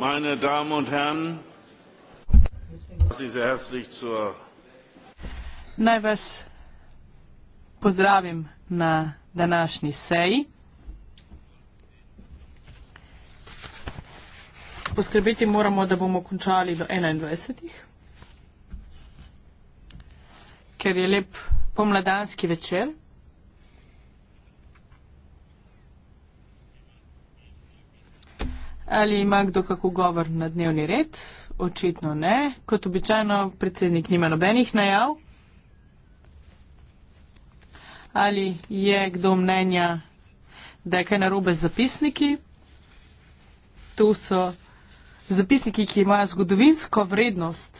meine Damen und Herren, sehr herzlich zur Naj vas pozdravim na današnji seji. Poskrbeti moramo, da bomo končali do 21. ker je lep pomladanski večer. Ali ima kdo kako govor na dnevni red? Očitno ne. Kot običajno, predsednik nima nobenih najav. Ali je kdo mnenja, da je kaj narobe z zapisniki? Tu so zapisniki, ki imajo zgodovinsko vrednost.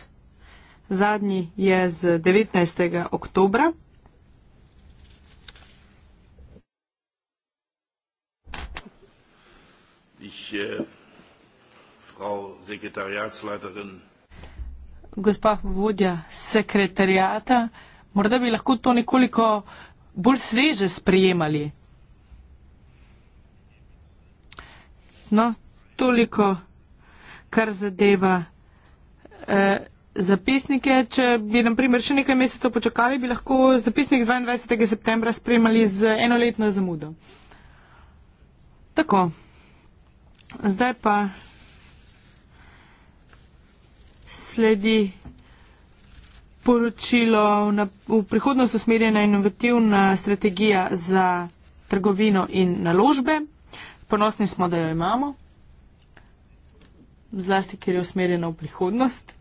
Zadnji je z 19. oktobra. Ich, äh frau sekretariatsleiterin. Gospa vodja sekretarijata, morda bi lahko to nekoliko bolj sveže sprejemali. No, toliko, kar zadeva eh, zapisnike. Če bi, na primer, še nekaj mesecev počakali, bi lahko zapisnik 22. septembra sprejemali z enoletno zamudo. Tako. Zdaj pa sledi poročilo na, v prihodnost usmerjena inovativna strategija za trgovino in naložbe. Ponosni smo, da jo imamo, zlasti, ker je usmerjena v prihodnost.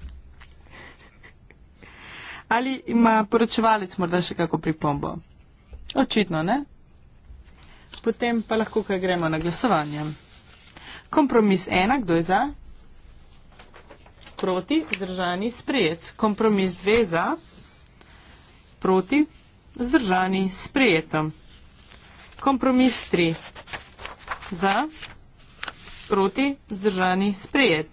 Ali ima poročevalec morda še kako pripombo? Očitno ne. Potem pa lahko, kaj gremo na glasovanje. Kompromis ena, kdo je za? proti, vzdržani, sprejet. Kompromis dve za, proti, vzdržani, sprejeto. Kompromis tri za, proti, vzdržani, sprejet.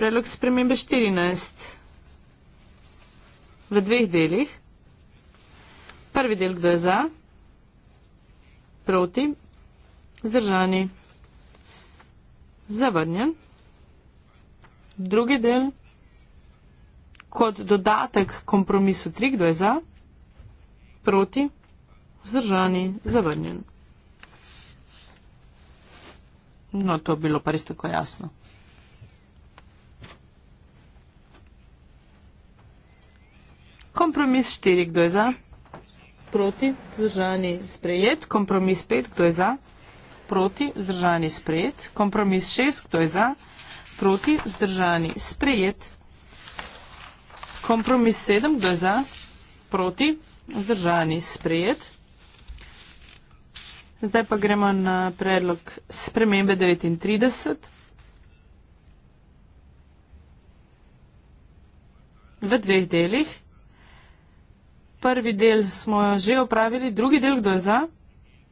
Predlog spremembe 14 v dveh delih. Prvi del, kdo je za, proti, vzdržani, zavrnjen drugi del, kot dodatek kompromisu tri, kdo je za, proti, vzdržani, zavrnjen. No, to je bilo pa res tako jasno. Kompromis štiri, kdo je za, proti, vzdržani, sprejet, kompromis pet, kdo je za, proti, vzdržani, sprejet, kompromis šest, kdo je za, proti, vzdržani, sprejet. Kompromis 7, kdo je za, proti, vzdržani, sprejet. Zdaj pa gremo na predlog spremembe 39. V dveh delih. Prvi del smo že opravili, drugi del, kdo je za,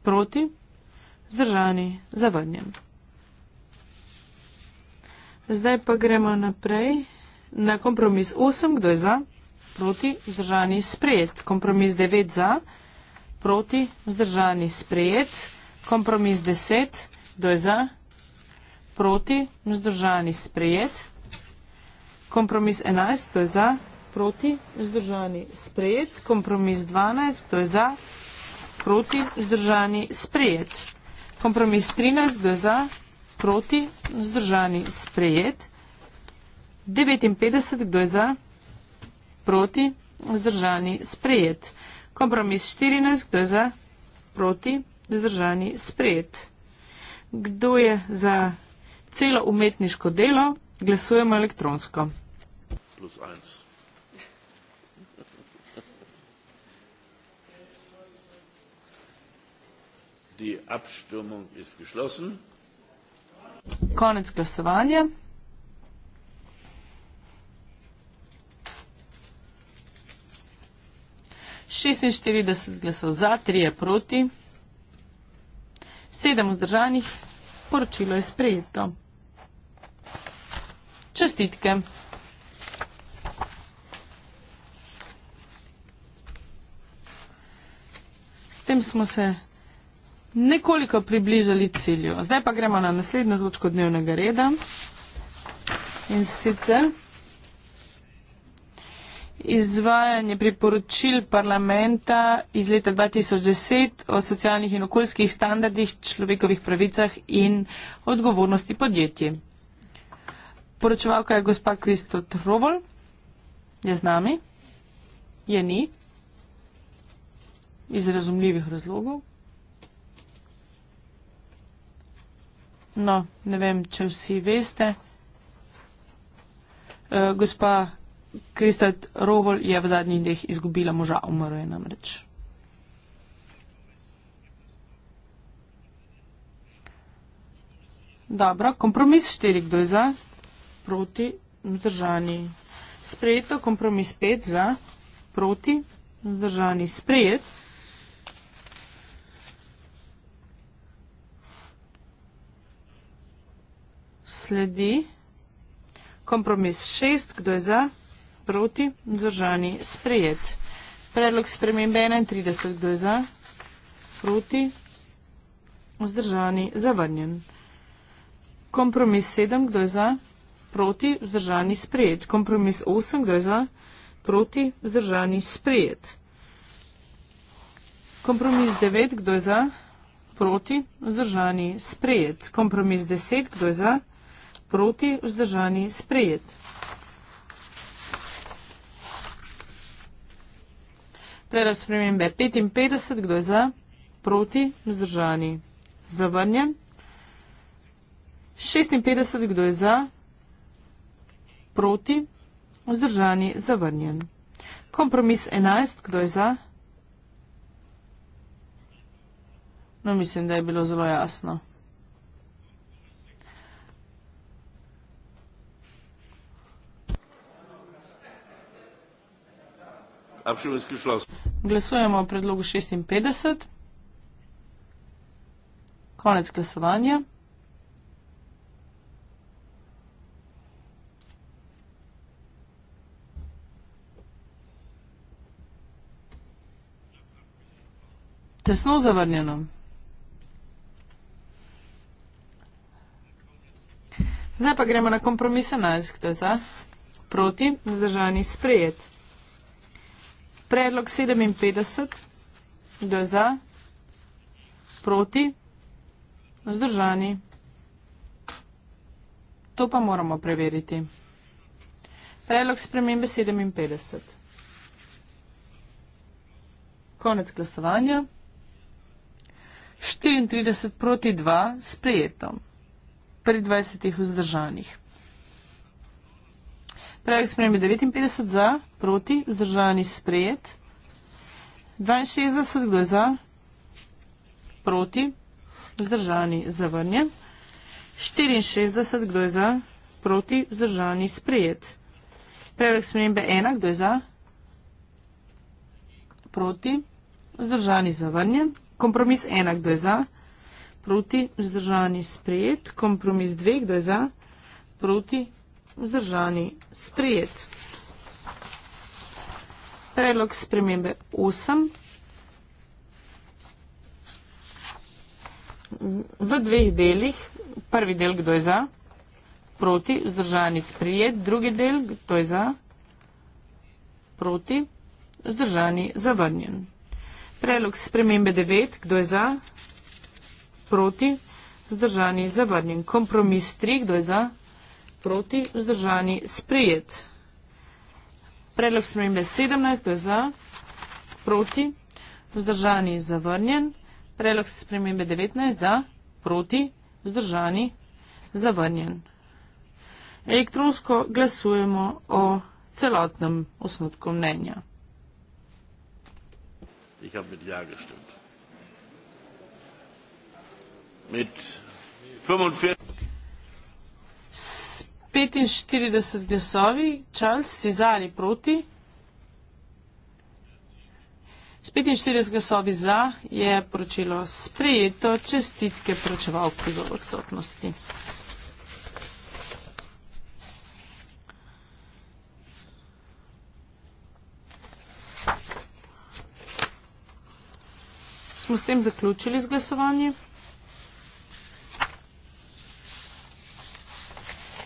proti, zdržani, zavrnjen. Zdaj pa gremo naprej na kompromis 8, kdo je za, proti, vzdržani, sprejet. Kompromis 9 za, proti, vzdržani, sprejet. Kompromis 10, kdo je za, proti, vzdržani, sprejet. Kompromis 11, kdo je za, proti, vzdržani, sprejet. Kompromis 12, kdo je za, proti, vzdržani, sprejet. Kompromis 13, kdo je za, proti, vzdržani sprejet. 59, kdo je za, proti, vzdržani sprejet. Kompromis 14, kdo je za, proti, vzdržani sprejet. Kdo je za celo umetniško delo, glasujemo elektronsko. Plus 1. Die Abstimmung ist geschlossen. Konec glasovanja. Šestinštirideset glasov za, trije proti, sedem vzdržanih, poročilo je sprejeto. Čestitke. S tem smo se nekoliko približali cilju. Zdaj pa gremo na naslednjo točko dnevnega reda in sicer izvajanje priporočil parlamenta iz leta 2010 o socialnih in okoljskih standardih, človekovih pravicah in odgovornosti podjetij. Poročevalka je gospa Kristo Trovol, je z nami, je ni, iz razumljivih razlogov. No, ne vem, če vsi veste. Eh, gospa Kristat Rovol je v zadnjih dneh izgubila moža, umrl je namreč. Dobro, kompromis štiri, kdo je za, proti, vzdržani. Sprejeto, kompromis pet za, proti, vzdržani. Sprejeto. sledi kompromis 6, kdo je za, proti, vzdržani, sprejet. Predlog spremembe 31, kdo je za, proti, vzdržani, zavrnjen. Kompromis 7, kdo je za, proti, vzdržani, sprejet. Kompromis 8, kdo je za, proti, vzdržani, sprejet. Kompromis 9, kdo je za, proti, vzdržani, sprejet. Kompromis 10, kdo je za, proti, vzdržani, sprejet proti vzdržani sprejet. Predlog spremembe 55, kdo je za, proti vzdržani zavrnjen. 56, kdo je za, proti vzdržani zavrnjen. Kompromis 11, kdo je za? No, mislim, da je bilo zelo jasno. Apšivski šlos. Glasujemo o predlogu 56. Konec glasovanja. Tesno zavrnjeno. Zdaj pa gremo na kompromise 11. Kdo je za? Proti? Zdržani sprejet. Predlog 57, kdo je za, proti, zdržani. To pa moramo preveriti. Predlog spremembe 57. Konec glasovanja. 34 proti 2 sprejeto. Pri 20 vzdržanih. Predlog spremembe 59 za, proti, vzdržani sprejet. 62 kdo je za, proti, vzdržani zavrnjen. 64 kdo je za, proti, vzdržani sprejet. Predlog spremembe 1 kdo je za, proti, vzdržani zavrnjen. Kompromis 1 kdo je za, proti, vzdržani sprejet. Kompromis 2 kdo je za, proti, vzdržani zavrnjen vzdržani, sprejet. Predlog spremembe 8 v dveh delih, prvi del, kdo je za, proti, vzdržani, sprejet, drugi del, kdo je za, proti, vzdržani, zavrnjen. Predlog spremembe 9, kdo je za, proti, vzdržani, zavrnjen. Kompromis 3, kdo je za, proti proti, vzdržani, sprijet. Predlog spremembe 17, to je za, proti, vzdržani, zavrnjen. Predlog spremembe 19, za, proti, vzdržani, zavrnjen. Elektronsko glasujemo o celotnem osnutku mnenja. Ich habe mit Ja gestimmt. Mit 45. 45 glasovi, Charles Cezari proti. S 45 glasovi za je poročilo sprejeto čestitke poročevalki za odsotnosti. Smo s tem zaključili z glasovanjem.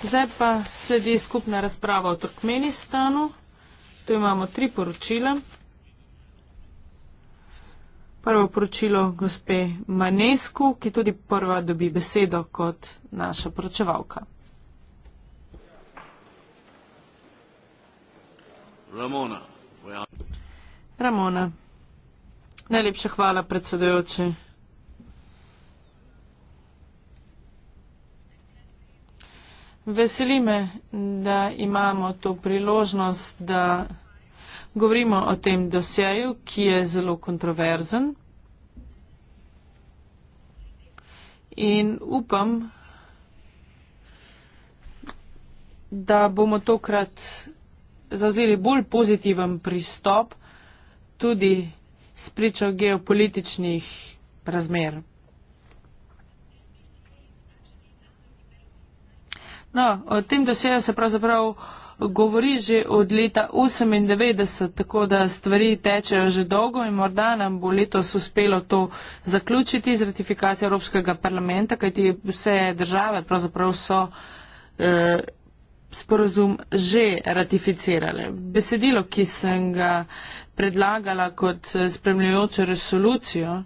Zdaj pa sledi skupna razprava o Turkmenistanu. Tu imamo tri poročila. Prvo poročilo gospe Manesku, ki tudi prva dobi besedo kot naša poročevalka. Ramona. Ramona. Najlepša hvala predsedujoči. Veseli me, da imamo to priložnost, da govorimo o tem dosjeju, ki je zelo kontroverzen. In upam, da bomo tokrat zazeli bolj pozitiven pristop tudi spričo geopolitičnih razmer. No, o tem dosjeju se pravzaprav govori že od leta 1998, tako da stvari tečejo že dolgo in morda nam bo letos uspelo to zaključiti z ratifikacijo Evropskega parlamenta, kajti vse države pravzaprav so. Eh, sporozum že ratificirale. Besedilo, ki sem ga predlagala kot eh, spremljajočo resolucijo,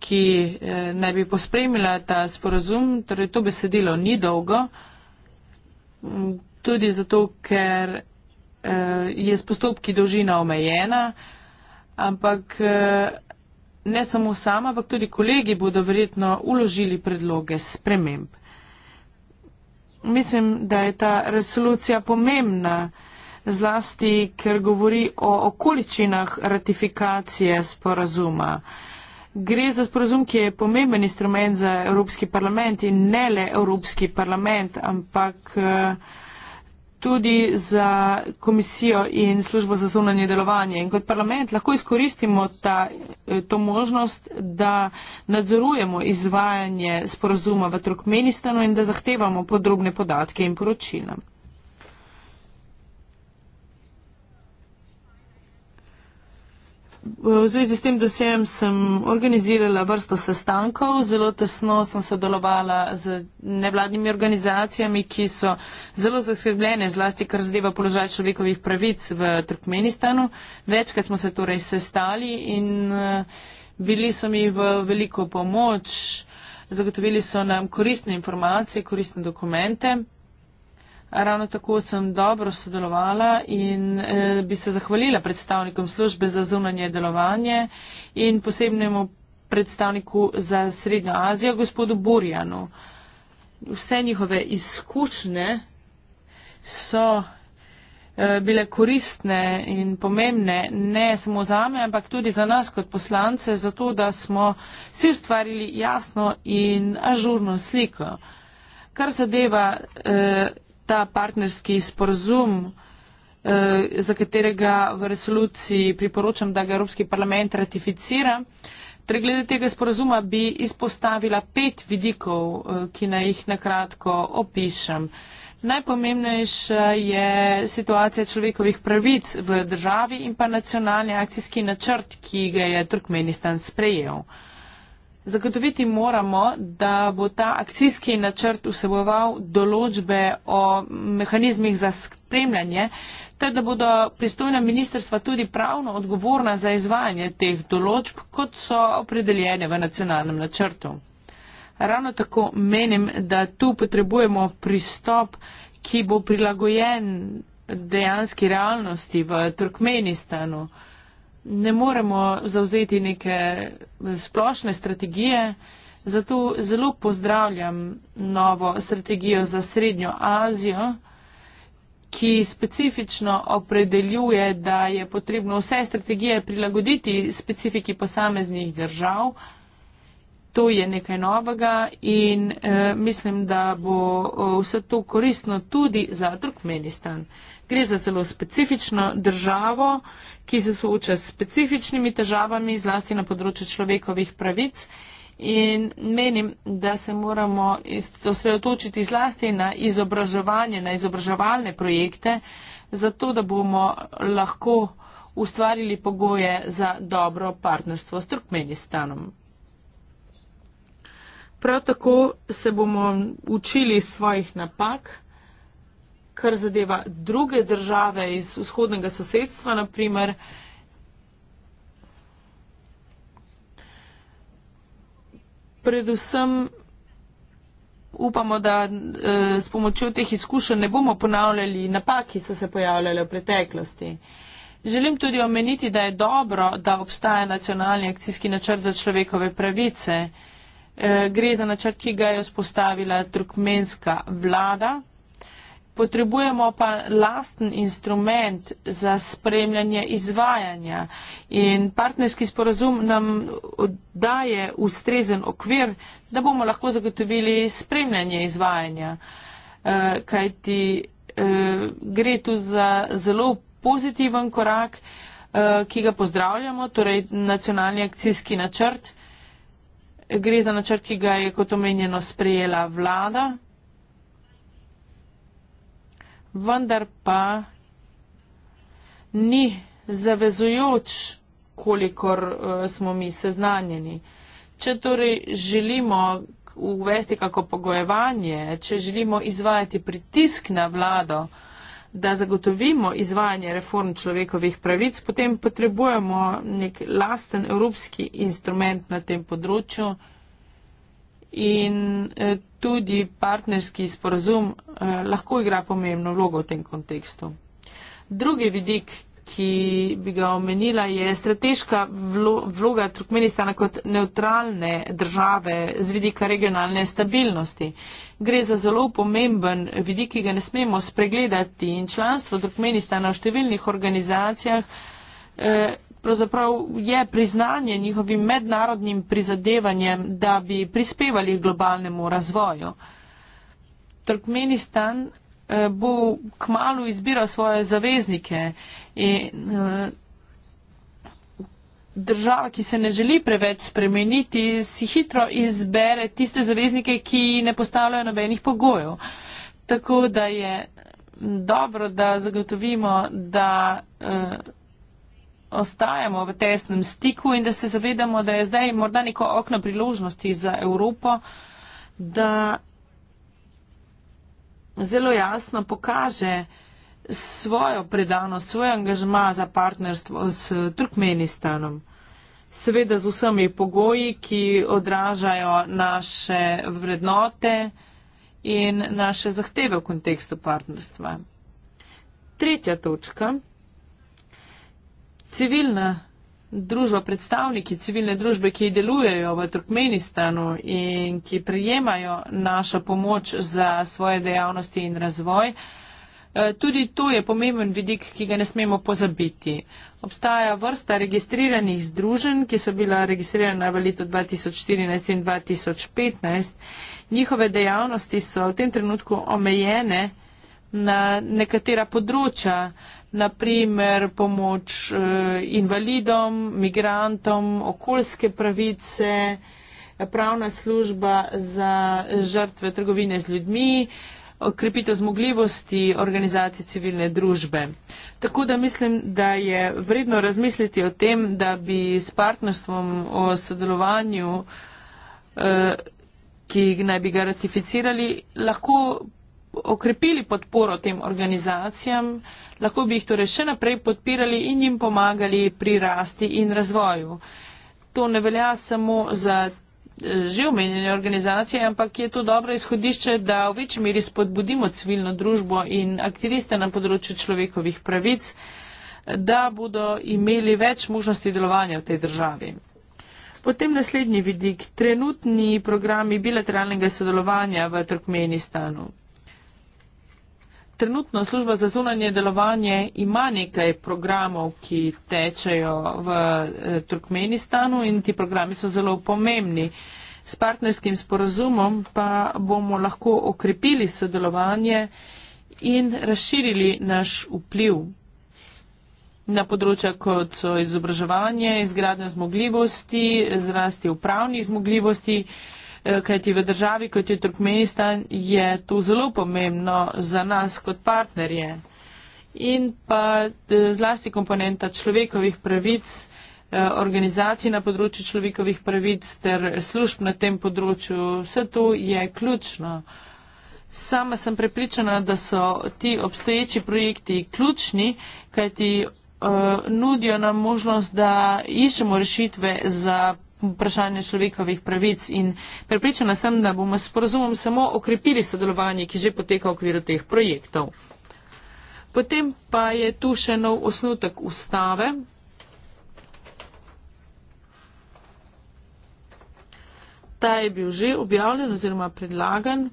ki eh, naj bi pospremila ta sporozum, torej to besedilo ni dolgo, tudi zato, ker eh, je s postopki dolžina omejena, ampak eh, ne samo sama, ampak tudi kolegi bodo verjetno uložili predloge sprememb. Mislim, da je ta resolucija pomembna, zlasti, ker govori o okoličinah ratifikacije sporazuma. Gre za sporozum, ki je pomemben instrument za Evropski parlament in ne le Evropski parlament, ampak eh, tudi za komisijo in službo za zunanje delovanje. In kot parlament lahko izkoristimo ta, eh, to možnost, da nadzorujemo izvajanje sporozuma v Turkmenistanu in da zahtevamo podrobne podatke in poročila. V zvezi s tem dosjem sem organizirala vrsto sestankov, zelo tesno sem sodelovala z nevladnimi organizacijami, ki so zelo zahrbljene, zlasti kar zadeva položaj človekovih pravic v Turkmenistanu. Večkrat smo se torej sestali in eh, bili so mi v veliko pomoč, zagotovili so nam koristne informacije, koristne dokumente. Ravno tako sem dobro sodelovala in eh, bi se zahvalila predstavnikom službe za zunanje delovanje in posebnemu predstavniku za Srednjo Azijo, gospodu Burjanu. Vse njihove izkušnje so eh, bile koristne in pomembne ne samo za me, ampak tudi za nas kot poslance, zato da smo si ustvarili jasno in ažurno sliko. Kar zadeva eh, ta partnerski sporozum, eh, za katerega v resoluciji priporočam, da ga Evropski parlament ratificira. Torej, glede tega sporozuma bi izpostavila pet vidikov, eh, ki naj jih nakratko opišem. Najpomembnejša je situacija človekovih pravic v državi in pa nacionalni akcijski načrt, ki ga je Turkmenistan sprejel. Zagotoviti moramo, da bo ta akcijski načrt vseboval določbe o mehanizmih za spremljanje, ter da bodo pristojna ministrstva tudi pravno odgovorna za izvajanje teh določb, kot so opredeljene v nacionalnem načrtu. Ravno tako menim, da tu potrebujemo pristop, ki bo prilagojen dejanski realnosti v Turkmenistanu ne moremo zauzeti neke splošne strategije, zato zelo pozdravljam novo strategijo za Srednjo Azijo, ki specifično opredeljuje, da je potrebno vse strategije prilagoditi specifiki posameznih držav. To je nekaj novega in eh, mislim, da bo eh, vse to koristno tudi za Turkmenistan. Gre za zelo specifično državo, ki se sooča s specifičnimi težavami, zlasti na področju človekovih pravic. In menim, da se moramo osredotočiti zlasti na izobraževanje, na izobraževalne projekte, zato da bomo lahko ustvarili pogoje za dobro partnerstvo s Turkmenistanom. Prav tako se bomo učili svojih napak kar zadeva druge države iz vzhodnega sosedstva, naprimer. Predvsem upamo, da e, s pomočjo teh izkušenj ne bomo ponavljali napak, ki so se pojavljale v preteklosti. Želim tudi omeniti, da je dobro, da obstaja nacionalni akcijski načrt za človekove pravice. E, gre za načrt, ki ga je vzpostavila turkmenska vlada Potrebujemo pa lasten instrument za spremljanje izvajanja in partnerski sporazum nam daje ustrezen okvir, da bomo lahko zagotovili spremljanje izvajanja, eh, kajti eh, gre tu za zelo pozitiven korak, eh, ki ga pozdravljamo, torej nacionalni akcijski načrt. Gre za načrt, ki ga je kot omenjeno sprejela vlada vendar pa ni zavezujoč, kolikor eh, smo mi seznanjeni. Če torej želimo uvesti kako pogojevanje, če želimo izvajati pritisk na vlado, da zagotovimo izvajanje reform človekovih pravic, potem potrebujemo nek lasten evropski instrument na tem področju in eh, tudi partnerski sporazum eh, lahko igra pomembno vlogo v tem kontekstu. Drugi vidik, ki bi ga omenila, je strateška vloga Turkmenistana kot neutralne države z vidika regionalne stabilnosti. Gre za zelo pomemben vidik, ki ga ne smemo spregledati in članstvo Turkmenistana v številnih organizacijah. Eh, pravzaprav je priznanje njihovim mednarodnim prizadevanjem, da bi prispevali k globalnemu razvoju. Turkmenistan eh, bo k malu izbiral svoje zaveznike in eh, država, ki se ne želi preveč spremeniti, si hitro izbere tiste zaveznike, ki ne postavljajo nobenih pogojev. Tako da je dobro, da zagotovimo, da eh, ostajamo v tesnem stiku in da se zavedamo, da je zdaj morda neko okno priložnosti za Evropo, da zelo jasno pokaže svojo predanost, svoj angažma za partnerstvo s Turkmenistanom. Seveda z vsemi pogoji, ki odražajo naše vrednote in naše zahteve v kontekstu partnerstva. Tretja točka civilna družba, predstavniki civilne družbe, ki delujejo v Turkmenistanu in ki prijemajo našo pomoč za svoje dejavnosti in razvoj. Eh, tudi to je pomemben vidik, ki ga ne smemo pozabiti. Obstaja vrsta registriranih združenj, ki so bila registrirana v letu 2014 in 2015. Njihove dejavnosti so v tem trenutku omejene na nekatera področja, naprimer pomoč eh, invalidom, migrantom, okoljske pravice, pravna služba za žrtve trgovine z ljudmi, okrepitev zmogljivosti organizacij civilne družbe. Tako da mislim, da je vredno razmisliti o tem, da bi s partnerstvom o sodelovanju, eh, ki naj bi ga ratificirali, lahko okrepili podporo tem organizacijam, lahko bi jih torej še naprej podpirali in jim pomagali pri rasti in razvoju. To ne velja samo za eh, že omenjene organizacije, ampak je to dobro izhodišče, da v večji meri spodbudimo civilno družbo in aktiviste na področju človekovih pravic, da bodo imeli več možnosti delovanja v tej državi. Potem naslednji vidik, trenutni programi bilateralnega sodelovanja v Turkmenistanu. Trenutno služba za zunanje delovanje ima nekaj programov, ki tečejo v eh, Turkmenistanu in ti programi so zelo pomembni. S partnerskim sporozumom pa bomo lahko okrepili sodelovanje in razširili naš vpliv na področja, kot so izobraževanje, izgradnja zmogljivosti, zrasti upravnih zmogljivosti, eh, Eh, kajti v državi, kot je Turkmenistan, je to zelo pomembno za nas kot partnerje. In pa eh, zlasti komponenta človekovih pravic, eh, organizacij na področju človekovih pravic ter služb na tem področju, vse to je ključno. Sama sem prepričana, da so ti obstoječi projekti ključni, kajti uh, nudijo nam možnost, da iščemo rešitve za vprašanje človekovih pravic in prepričana sem, da bomo s porazumom samo okrepili sodelovanje, ki že poteka v okviru teh projektov. Potem pa je tu še nov osnutek ustave. Ta je bil že objavljen oziroma predlagan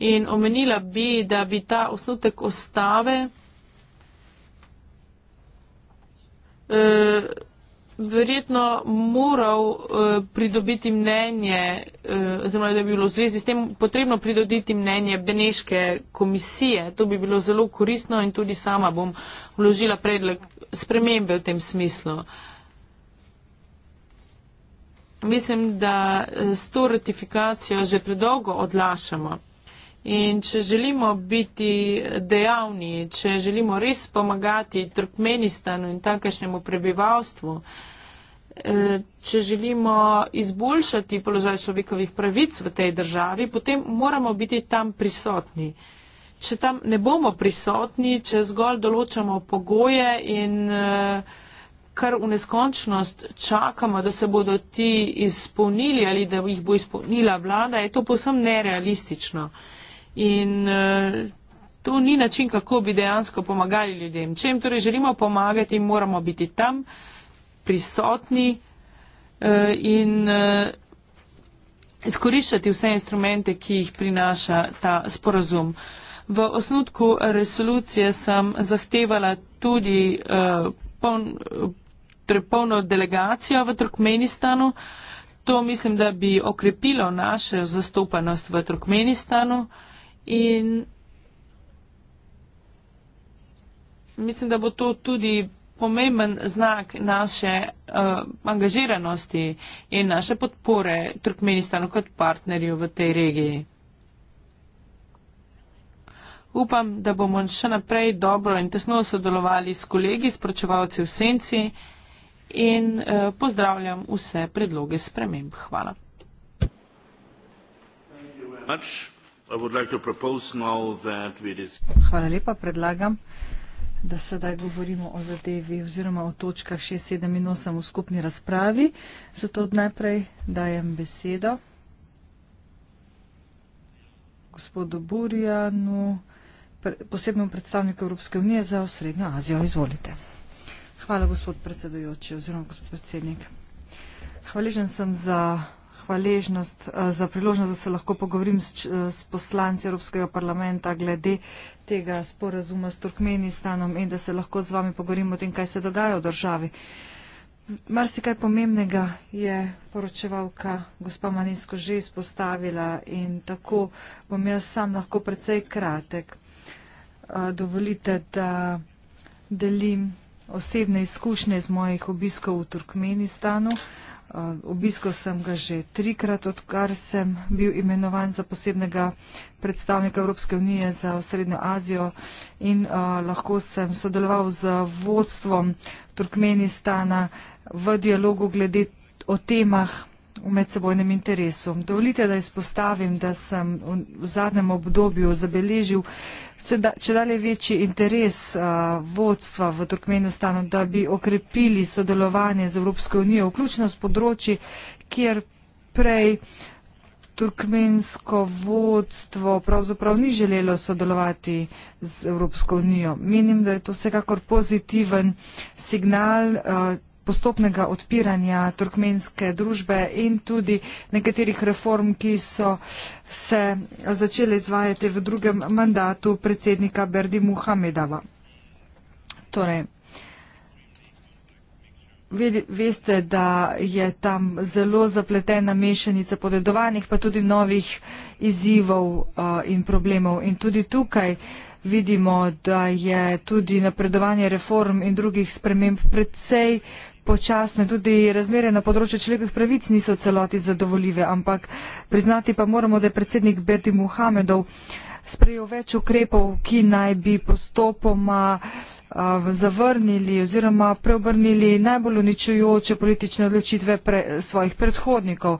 in omenila bi, da bi ta osnutek ustave eh, verjetno moral uh, pridobiti mnenje, uh, oziroma da bi bilo v zvezi s tem potrebno pridobiti mnenje Beneške komisije. To bi bilo zelo koristno in tudi sama bom vložila predlog spremembe v tem smislu. Mislim, da eh, s to ratifikacijo že predolgo odlašamo. In če želimo biti dejavni, če želimo res pomagati Turkmenistanu in takšnemu prebivalstvu, eh, če želimo izboljšati položaj človekovih pravic v tej državi, potem moramo biti tam prisotni. Če tam ne bomo prisotni, če zgolj določamo pogoje in eh, kar v neskončnost čakamo, da se bodo ti izpolnili ali da jih bo izpolnila vlada, je to posebno nerealistično. In eh, to ni način, kako bi dejansko pomagali ljudem. Če jim torej želimo pomagati, moramo biti tam prisotni eh, in eh, izkoriščati vse instrumente, ki jih prinaša ta sporazum. V osnutku resolucije sem zahtevala tudi torej polno delegacijo v Turkmenistanu. To mislim, da bi okrepilo našo zastopanost v Turkmenistanu. Uh, In mislim, da bo to tudi pomemben znak naše uh, angažiranosti in naše podpore Turkmenistanu kot partnerju v tej regiji. Upam, da bomo še naprej dobro in tesno sodelovali s kolegi, s pročevalci v senci in uh, pozdravljam vse predloge sprememb. Hvala. Thank you very much. Hvala lepa. Predlagam, da sedaj govorimo o zadevi oziroma o točkah 6, 7 in 8 v skupni razpravi. Zato najprej dajem besedo gospodu Burjanu, posebnemu predstavniku Evropske unije za Srednjo Azijo. Izvolite. Hvala, gospod predsedujoči oziroma gospod predsednik. Hvaležen sem za hvaležnost eh, za priložnost, da se lahko pogovorim s, eh, s poslanci Evropskega parlamenta glede tega sporazuma s Turkmenistanom in da se lahko z vami pogovorim o tem, kaj se dogaja v državi. Marsikaj pomembnega je poročevalka gospa Manisko že izpostavila in tako bom jaz sam lahko precej kratek. Eh, dovolite, da delim osebne izkušnje z mojih obiskov v Turkmenistanu. Eh, obiskal sem ga že trikrat, odkar sem bil imenovan za posebnega predstavnika Evropske unije za Srednjo Azijo in eh, lahko sem sodeloval z vodstvom Turkmenistana v dialogu glede o temah v medsebojnem interesu. Dovolite, da izpostavim, da sem v zadnjem obdobju zabeležil če dalje večji interes uh, vodstva v Turkmenistanu, da bi okrepili sodelovanje z Evropsko unijo, vključno s področji, kjer prej turkmensko vodstvo pravzaprav ni želelo sodelovati z Evropsko unijo. Menim, da je to vsekakor pozitiven signal. Uh, postopnega odpiranja turkmenske družbe in tudi nekaterih reform, ki so se začele izvajati v drugem mandatu predsednika Berdi Muhamedava. Torej, veste, da je tam zelo zapletena mešanica podedovanih, pa tudi novih izzivov eh, in problemov. In tudi tukaj vidimo, da je tudi napredovanje reform in drugih sprememb predvsej počasne, tudi razmere na področju človekovih pravic niso celoti zadovoljive, ampak priznati pa moramo, da je predsednik Berdi Muhamedov sprejel več ukrepov, ki naj bi postopoma zavrnili oziroma preobrnili najbolj uničujoče politične odločitve pre, svojih predhodnikov.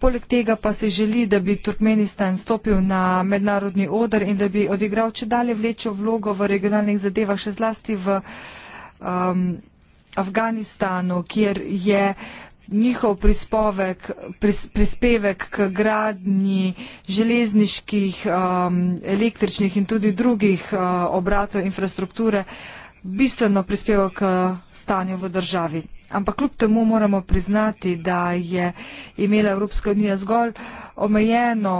Poleg tega pa se želi, da bi Turkmenistan stopil na mednarodni odr in da bi odigral če dalje vlečo vlogo v regionalnih zadevah, še zlasti v um, Afganistanu, kjer je njihov prispovek, pris, prispevek k gradnji železniških, um, električnih in tudi drugih uh, obratov infrastrukture bistveno prispeval k stanju v državi. Ampak kljub temu moramo priznati, da je imela Evropska unija zgolj omejeno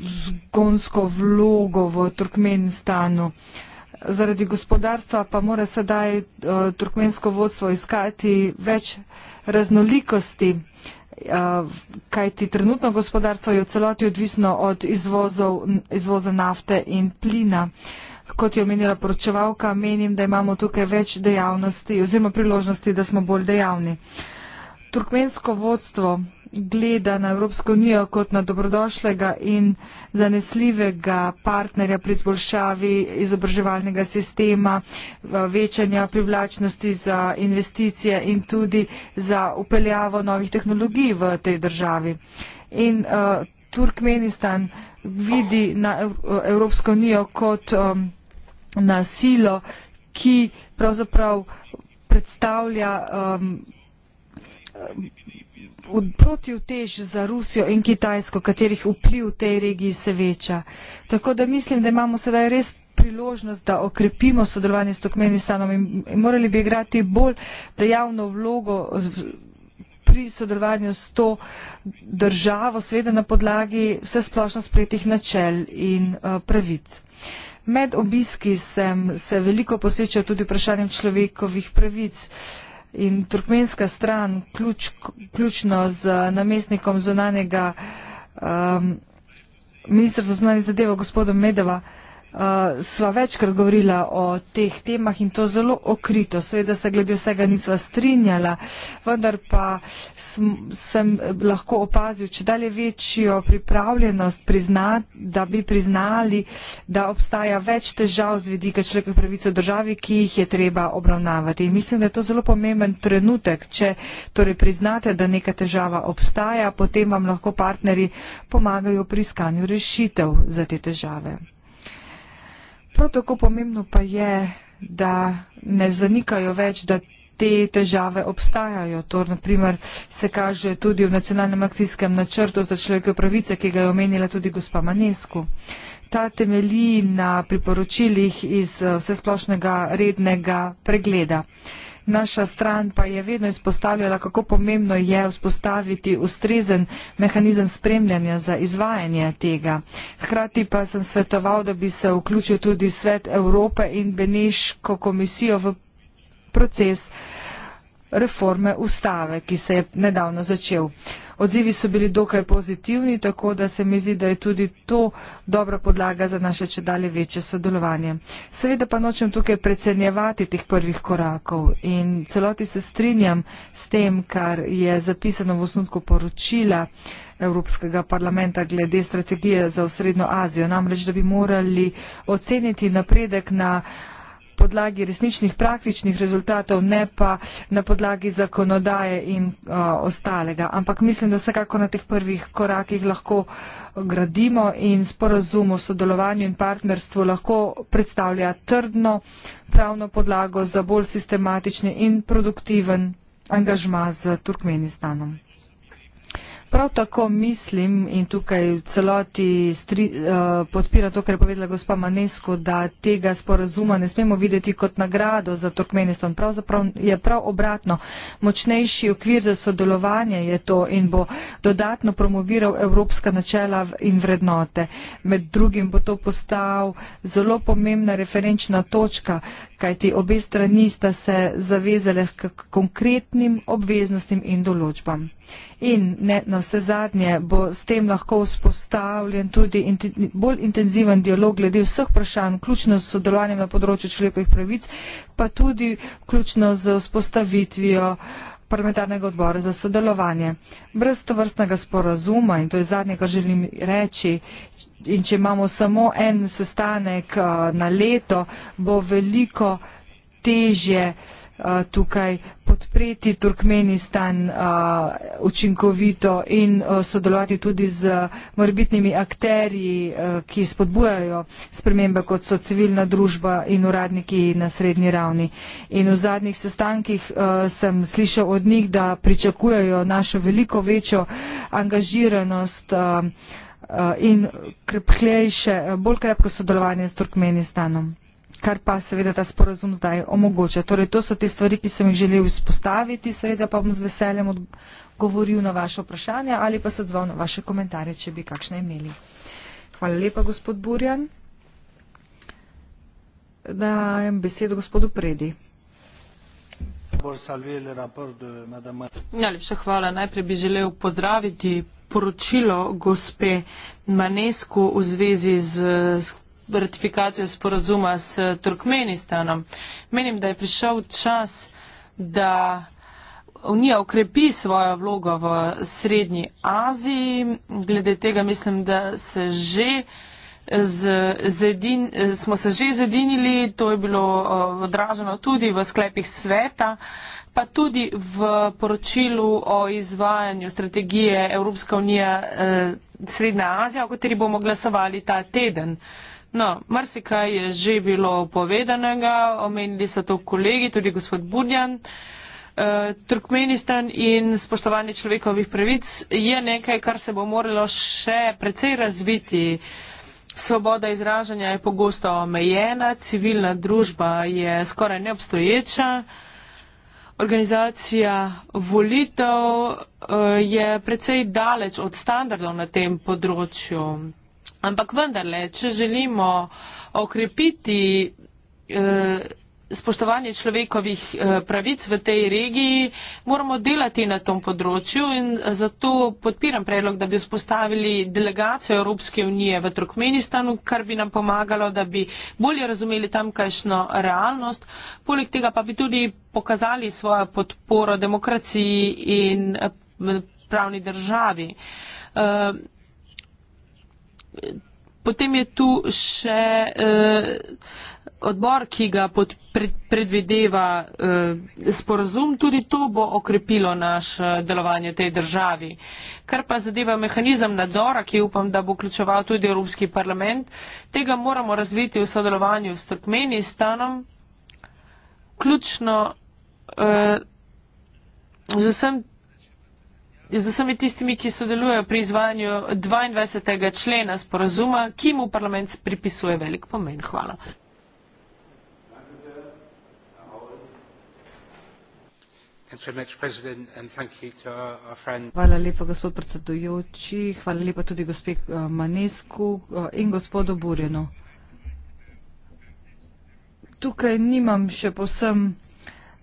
vzgonsko vlogo v Turkmenistanu. Uh, Zaradi gospodarstva pa mora sedaj uh, turkmensko vodstvo iskati več raznolikosti, uh, kajti trenutno gospodarstvo je v celoti odvisno od izvozov, izvoza nafte in plina. Kot je omenila poročevalka, menim, da imamo tukaj več dejavnosti oziroma priložnosti, da smo bolj dejavni. Turkmensko vodstvo gleda na Evropsko unijo kot na dobrodošlega in zanesljivega partnerja pri izboljšavi izobraževalnega sistema, večanja privlačnosti za investicije in tudi za upeljavo novih tehnologij v tej državi. In uh, Turkmenistan vidi na uh, Evropsko unijo kot um, na silo, ki pravzaprav predstavlja um, protivtež za Rusijo in Kitajsko, katerih vpliv v tej regiji se veča. Tako da mislim, da imamo sedaj res priložnost, da okrepimo sodelovanje s Tukmenistanom in morali bi igrati bolj dejavno vlogo pri sodelovanju s to državo, seveda na podlagi vse splošno sprejetih načel in eh, pravic. Med obiski sem se veliko posvečal tudi vprašanjem človekovih pravic in turkmenska stran ključ, ključno z namestnikom zunanjega um, ministrstva zunanjih zadev gospodom Medeva uh, Uh, sva večkrat govorila o teh temah in to zelo okrito. Seveda se glede vsega nisva strinjala, vendar pa sem, sem eh, lahko opazil, če dalje večjo pripravljenost, prizna, da bi priznali, da obstaja več težav z vidika človekovih pravic v državi, ki jih je treba obravnavati. In mislim, da je to zelo pomemben trenutek. Če torej priznate, da neka težava obstaja, potem vam lahko partneri pomagajo pri iskanju rešitev za te težave. Prav tako pomembno pa je, da ne zanikajo več, da te težave obstajajo. To naprimer se kaže tudi v nacionalnem akcijskem načrtu za človekove pravice, ki ga je omenila tudi gospa Manesku. Ta temelji na priporočilih iz eh, vsesplošnega rednega pregleda naša stran pa je vedno izpostavljala, kako pomembno je vzpostaviti ustrezen mehanizem spremljanja za izvajanje tega. Hkrati pa sem svetoval, da bi se vključil tudi Svet Evrope in Beneško komisijo v proces reforme ustave, ki se je nedavno začel. Odzivi so bili dokaj pozitivni, tako da se mi zdi, da je tudi to dobra podlaga za naše če dalje večje sodelovanje. Seveda pa nočem tukaj predsednjevati teh prvih korakov in celoti se strinjam s tem, kar je zapisano v osnutku poročila. Evropskega parlamenta glede strategije za osrednjo Azijo. Namreč, da bi morali oceniti napredek na podlagi resničnih praktičnih rezultatov, ne pa na podlagi zakonodaje in uh, ostalega. Ampak mislim, da vsekako na teh prvih korakih lahko gradimo in sporazum o sodelovanju in partnerstvu lahko predstavlja trdno pravno podlago za bolj sistematični in produktiven angažma z Turkmenistanom prav tako mislim in tukaj v celoti stri, uh, podpira to, kar je povedala gospa Manesko, da tega sporazuma ne smemo videti kot nagrado za Turkmenistan. Pravzaprav je prav obratno. Močnejši okvir za sodelovanje je to in bo dodatno promoviral evropska načela in vrednote. Med drugim bo to postal zelo pomembna referenčna točka, kajti obe strani sta se zavezale k konkretnim obveznostim in določbam. In ne, na vse zadnje bo s tem lahko vzpostavljen tudi inti, bolj intenziven dialog glede vseh vprašanj, vključno s sodelovanjem na področju človekovih pravic, pa tudi vključno z vzpostavitvijo uh, parlamentarnega odbora za sodelovanje. Brez to vrstnega sporazuma, in to je zadnje, kar želim reči, in če imamo samo en sestanek eh, na leto, bo veliko težje uh, Eh, tukaj podpreti Turkmenistan eh, učinkovito in eh, sodelovati tudi z morbitnimi akterji, ki spodbujajo spremembe, kot so civilna družba in uradniki na srednji ravni. In v zadnjih sestankih sem slišal od njih, da pričakujejo našo veliko večjo angažiranost in krepklejše, bolj krepko sodelovanje s Turkmenistanom kar pa seveda ta sporazum zdaj omogoča. Torej, to so te stvari, ki sem jih želel izpostaviti, seveda pa bom z veseljem odgovoril na vaše vprašanje ali pa se odzval na vaše komentarje, če bi kakšne imeli. Hvala lepa, gospod Burjan. Dajem besedo gospodu Predi. Najlepša hvala. Najprej bi želel pozdraviti poročilo gospe Manesku v zvezi z ratifikacijo sporazuma s Turkmenistanom. Menim, da je prišel čas, da Unija ukrepi svojo vlogo v Srednji Aziji. Glede tega mislim, da se že z, z edin, smo se že zedinili, to je bilo odraženo tudi v sklepih sveta, pa tudi v poročilu o izvajanju strategije Evropska unija eh, Srednja Azija, o kateri bomo glasovali ta teden. No, marsikaj je že bilo povedanega, omenili so to kolegi, tudi gospod Budjan. E, Turkmenistan in spoštovanje človekovih pravic je nekaj, kar se bo moralo še precej razviti. Svoboda izražanja je pogosto omejena, civilna družba je skoraj neobstoječa, organizacija volitev e, je precej daleč od standardov na tem področju. Ampak vendarle, če želimo okrepiti eh, spoštovanje človekovih eh, pravic v tej regiji, moramo delati na tom področju in zato podpiram predlog, da bi spostavili delegacijo Evropske unije v Turkmenistanu, kar bi nam pomagalo, da bi bolje razumeli tamkajšno realnost. Poleg tega pa bi tudi pokazali svojo podporo demokraciji in eh, pravni državi. Eh, Potem je tu še eh, odbor, ki ga pod, pred, predvideva eh, sporozum, tudi to bo okrepilo naše eh, delovanje v tej državi. Kar pa zadeva mehanizem nadzora, ki upam, da bo vključeval tudi Evropski parlament, tega moramo razviti v sodelovanju s Turkmenistanom. Ključno eh, z vsem z vsemi tistimi, ki sodelujejo pri izvajanju 22. člena sporazuma, ki mu parlament pripisuje velik pomen. Hvala. Hvala lepa, gospod predsedujoči, hvala lepa tudi gospe eh, Manesku eh, in gospodu Burjenu. Tukaj nimam še posebno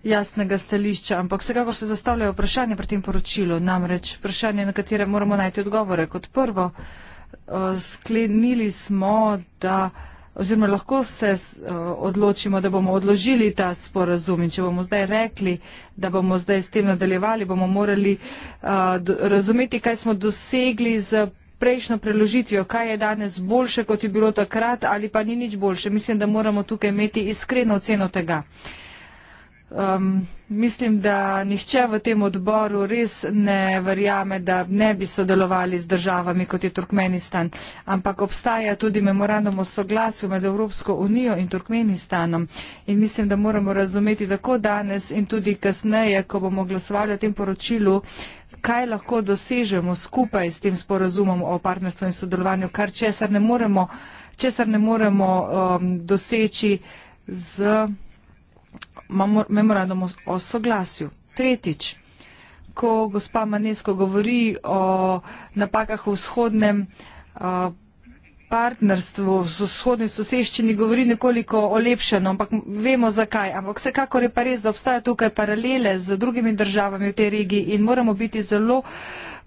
jasnega stališča, ampak vsekakor se zastavljajo vprašanje pri tem poročilu, namreč vprašanje, na katere moramo najti odgovore. Kot prvo, eh, sklenili smo, da oziroma lahko se eh, odločimo, da bomo odložili ta sporazum in če bomo zdaj rekli, da bomo zdaj s tem nadaljevali, bomo morali eh, razumeti, kaj smo dosegli z prejšnjo preložitvijo, kaj je danes boljše, kot je bilo takrat ali pa ni nič boljše. Mislim, da moramo tukaj imeti iskreno oceno tega. Uh, Um, mislim, da nihče v tem odboru res ne verjame, da ne bi sodelovali z državami, kot je Turkmenistan. Ampak obstaja tudi memorandum o soglasju med Evropsko unijo in Turkmenistanom. In mislim, da moramo razumeti tako danes in tudi kasneje, ko bomo glasovali o tem poročilu, kaj lahko dosežemo skupaj s tem sporazumom o partnerstvu in sodelovanju, kar česar ne moremo, česar ne moremo um, doseči z memorandum o, o soglasju. Tretjič, ko gospa Manesko govori o napakah v vzhodnem uh, partnerstvu, v vzhodni soseščini, govori nekoliko olepšeno, ampak vemo zakaj. Ampak vsekakor je pa res, da obstaja tukaj paralele z drugimi državami v tej regiji in moramo biti zelo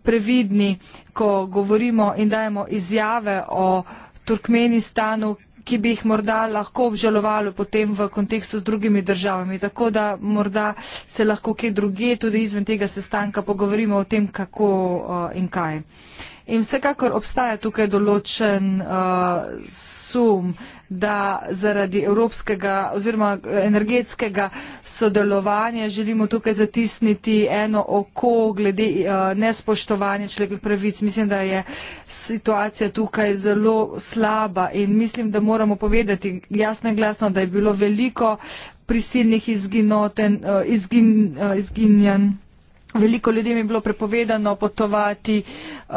previdni, ko govorimo in dajemo izjave o Turkmenistanu, ki bi jih morda lahko obžalovalo potem v kontekstu z drugimi državami. Tako da morda se lahko kje druge, tudi izven tega sestanka, pogovorimo o tem, kako uh, in kaj. Uh, In vsekakor obstaja tukaj določen uh, sum, da zaradi evropskega oziroma eh, energetskega sodelovanja želimo tukaj zatisniti eno oko glede uh, nespoštovanja človekovih pravic. Mislim, da je situacija tukaj zelo slaba in mislim, da moramo povedati jasno in glasno, da je bilo veliko prisilnih izginoten, uh, izgin, uh, izginjen. Veliko ljudem je bilo prepovedano potovati uh,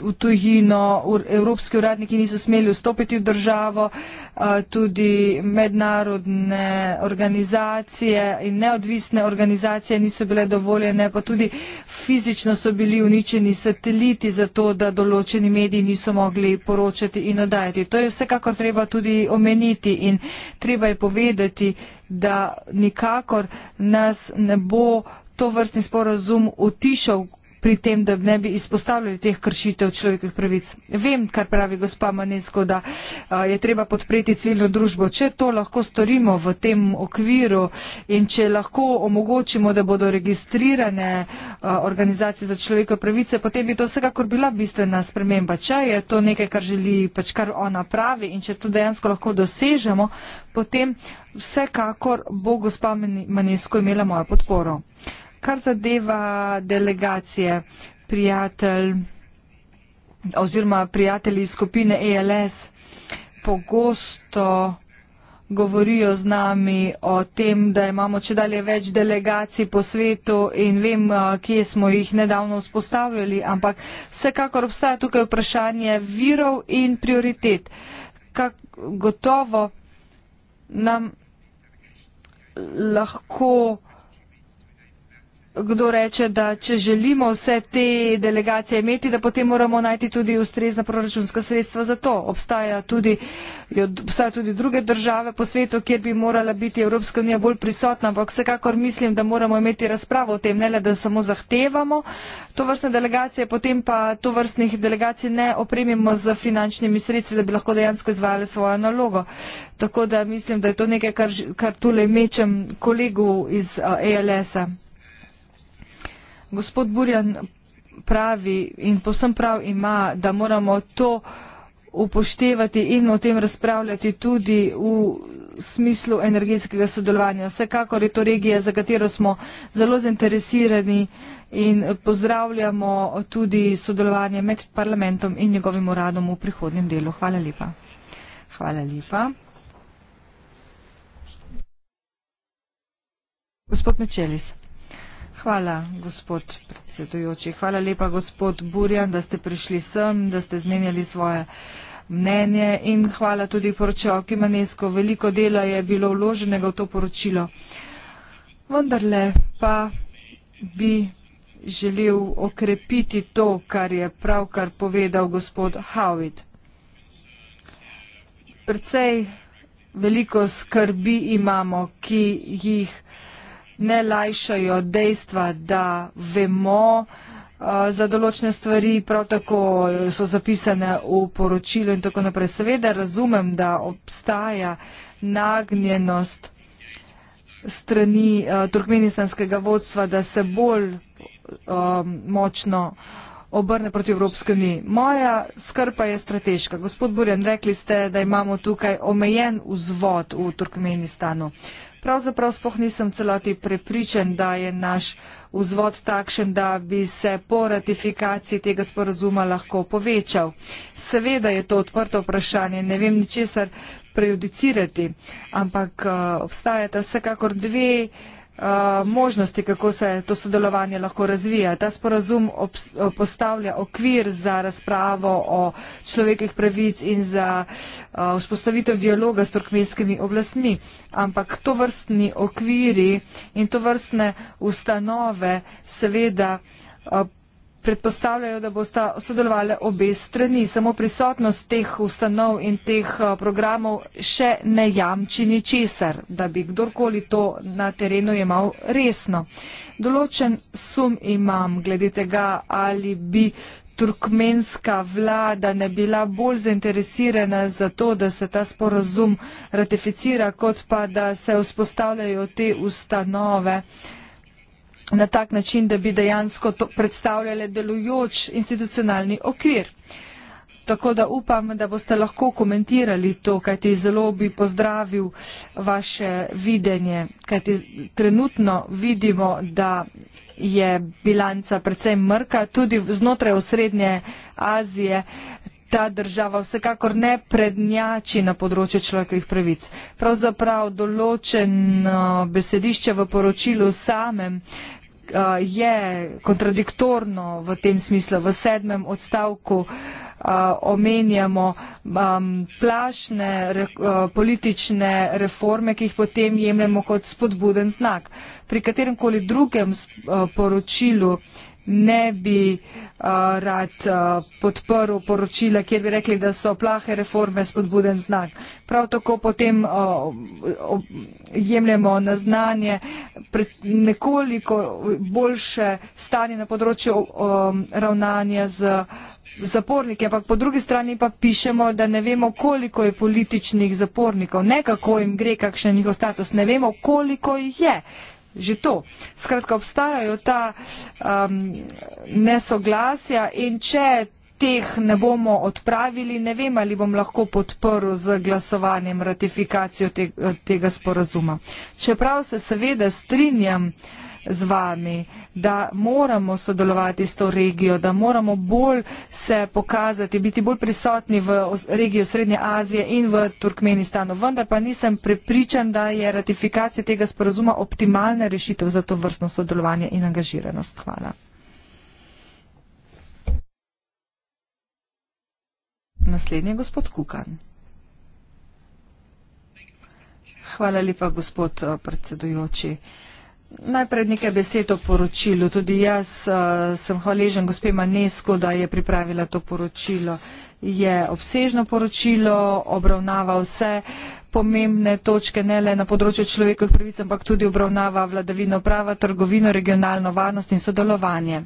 v tujino, evropski uradniki niso smeli vstopiti v državo, uh, tudi mednarodne organizacije in neodvisne organizacije niso bile dovoljene, pa tudi fizično so bili uničeni sateliti za to, da določeni mediji niso mogli poročati in odajati. To je vsekakor treba tudi omeniti in treba je povedati, da nikakor nas ne bo to vrstni sporazum utišal pri tem, da ne bi izpostavljali teh kršitev človekovih pravic. Vem, kar pravi gospa Manesko, da uh, je treba podpreti civilno družbo. Če to lahko storimo v tem okviru in če lahko omogočimo, da bodo registrirane uh, organizacije za človekove pravice, potem bi to vsekakor bila bistvena sprememba. Če je to nekaj, kar želi, pač kar ona pravi in če to dejansko lahko dosežemo, potem vsekakor bo gospa Manesko imela mojo podporo. Uh, Kar zadeva delegacije, prijatelj oziroma prijatelji skupine ELS, pogosto govorijo z nami o tem, da imamo če dalje več delegacij po svetu in vem, kje smo jih nedavno vzpostavljali, ampak vsekakor obstaja tukaj vprašanje virov in prioritet. Kak gotovo nam lahko kdo reče, da če želimo vse te delegacije imeti, da potem moramo najti tudi ustrezna proračunska sredstva za to. Obstaja tudi, obstaja tudi druge države po svetu, kjer bi morala biti Evropska unija bolj prisotna, ampak vsekakor mislim, da moramo imeti razpravo o tem, ne le da samo zahtevamo to vrstne delegacije, potem pa to vrstnih delegacij ne opremimo z finančnimi sredstvi, da bi lahko dejansko izvajali svojo nalogo. Tako da mislim, da je to nekaj, kar, kar tule mečem kolegu iz ALS-a gospod Burjan pravi in posem prav ima, da moramo to upoštevati in o tem razpravljati tudi v smislu energetskega sodelovanja. Vsekakor je to regija, za katero smo zelo zainteresirani in pozdravljamo tudi sodelovanje med parlamentom in njegovim uradom v prihodnjem delu. Hvala lepa. Hvala lepa. Gospod Mečelis. Hvala, gospod predsedujoči. Hvala lepa, gospod Burjan, da ste prišli sem, da ste zmenjali svoje mnenje in hvala tudi poročevalki Manesko. Veliko dela je bilo vloženega v to poročilo. Vendarle pa bi želel okrepiti to, kar je pravkar povedal gospod Howitt. Predvsej veliko skrbi imamo, ki jih vsega ne lajšajo dejstva, da vemo eh, za določene stvari, prav tako so zapisane v poročilu in tako naprej. Seveda razumem, da obstaja nagnjenost strani eh, turkmenistanskega vodstva, da se bolj eh, močno obrne proti Evropske unije. Moja skrpa je strateška. Gospod Burjan, rekli ste, da imamo tukaj omejen vzvod v Turkmenistanu pravzaprav spoh nisem celoti prepričan, da je naš vzvod takšen, da bi se po ratifikaciji tega sporazuma lahko povečal. Seveda je to odprto vprašanje, ne vem ničesar prejudicirati, ampak uh, obstajata vsekakor dve. Uh, Eh, možnosti, kako se to sodelovanje lahko razvija. Ta sporazum postavlja okvir za razpravo o človekih pravic in za eh, vzpostavitev dialoga s turkmenskimi oblastmi, ampak to vrstni okviri in to vrstne ustanove seveda eh, predpostavljajo, da bosta sodelovali obe strani. Samo prisotnost teh ustanov in teh eh, programov še ne jamči ni česar, da bi kdorkoli to na terenu imal resno. Določen sum imam, glede tega, ali bi turkmenska vlada ne bila bolj zainteresirana za to, da se ta sporozum ratificira, kot pa da se vzpostavljajo te ustanove. Uh, na tak način, da bi dejansko predstavljale delujoč institucionalni okvir. Tako da upam, da boste lahko komentirali to, kaj ti zelo bi pozdravil vaše videnje, kaj ti trenutno vidimo, da je bilanca predvsem mrka, tudi znotraj osrednje Azije ta država vsekakor ne prednjači na področju človekovih pravic. Pravzaprav določeno besedišče v poročilu samem uh, je kontradiktorno v tem smislu. V sedmem odstavku uh, omenjamo um, plašne re, uh, politične reforme, ki jih potem jemljemo kot spodbuden znak. Pri kateremkoli drugem uh, poročilu uh, ne bi uh, rad uh, podprl poročila, kjer bi rekli, da so plahe reforme spodbuden znak. Prav tako potem uh, ob, jemljemo na znanje nekoliko boljše stanje na področju um, ravnanja z zaporniki, ampak po drugi strani pa pišemo, da ne vemo, koliko je političnih zapornikov, ne kako jim gre, kakšen je njihov status, ne vemo, koliko jih je. Uh, že to. Skratka, obstajajo ta um, nesoglasja in če teh ne bomo odpravili, ne vem, ali bom lahko podprl z glasovanjem ratifikacijo te, tega sporazuma. Čeprav se seveda strinjam, uh, z vami, da moramo sodelovati s to regijo, da moramo bolj se pokazati, biti bolj prisotni v regiji Srednje Azije in v Turkmenistanu. Vendar pa nisem prepričan, da je ratifikacija tega sporazuma optimalna rešitev za to vrstno sodelovanje in angažiranost. Hvala. Naslednji je gospod Kukan. Hvala lepa, gospod eh, predsedujoči. Najprej nekaj besed o poročilu. Tudi jaz uh, sem hvaležen gospe Manesko, da je pripravila to poročilo. Je obsežno poročilo, obravnava vse pomembne točke, ne le na področju človekovih pravic, ampak tudi obravnava vladavino prava, trgovino, regionalno varnost in sodelovanje.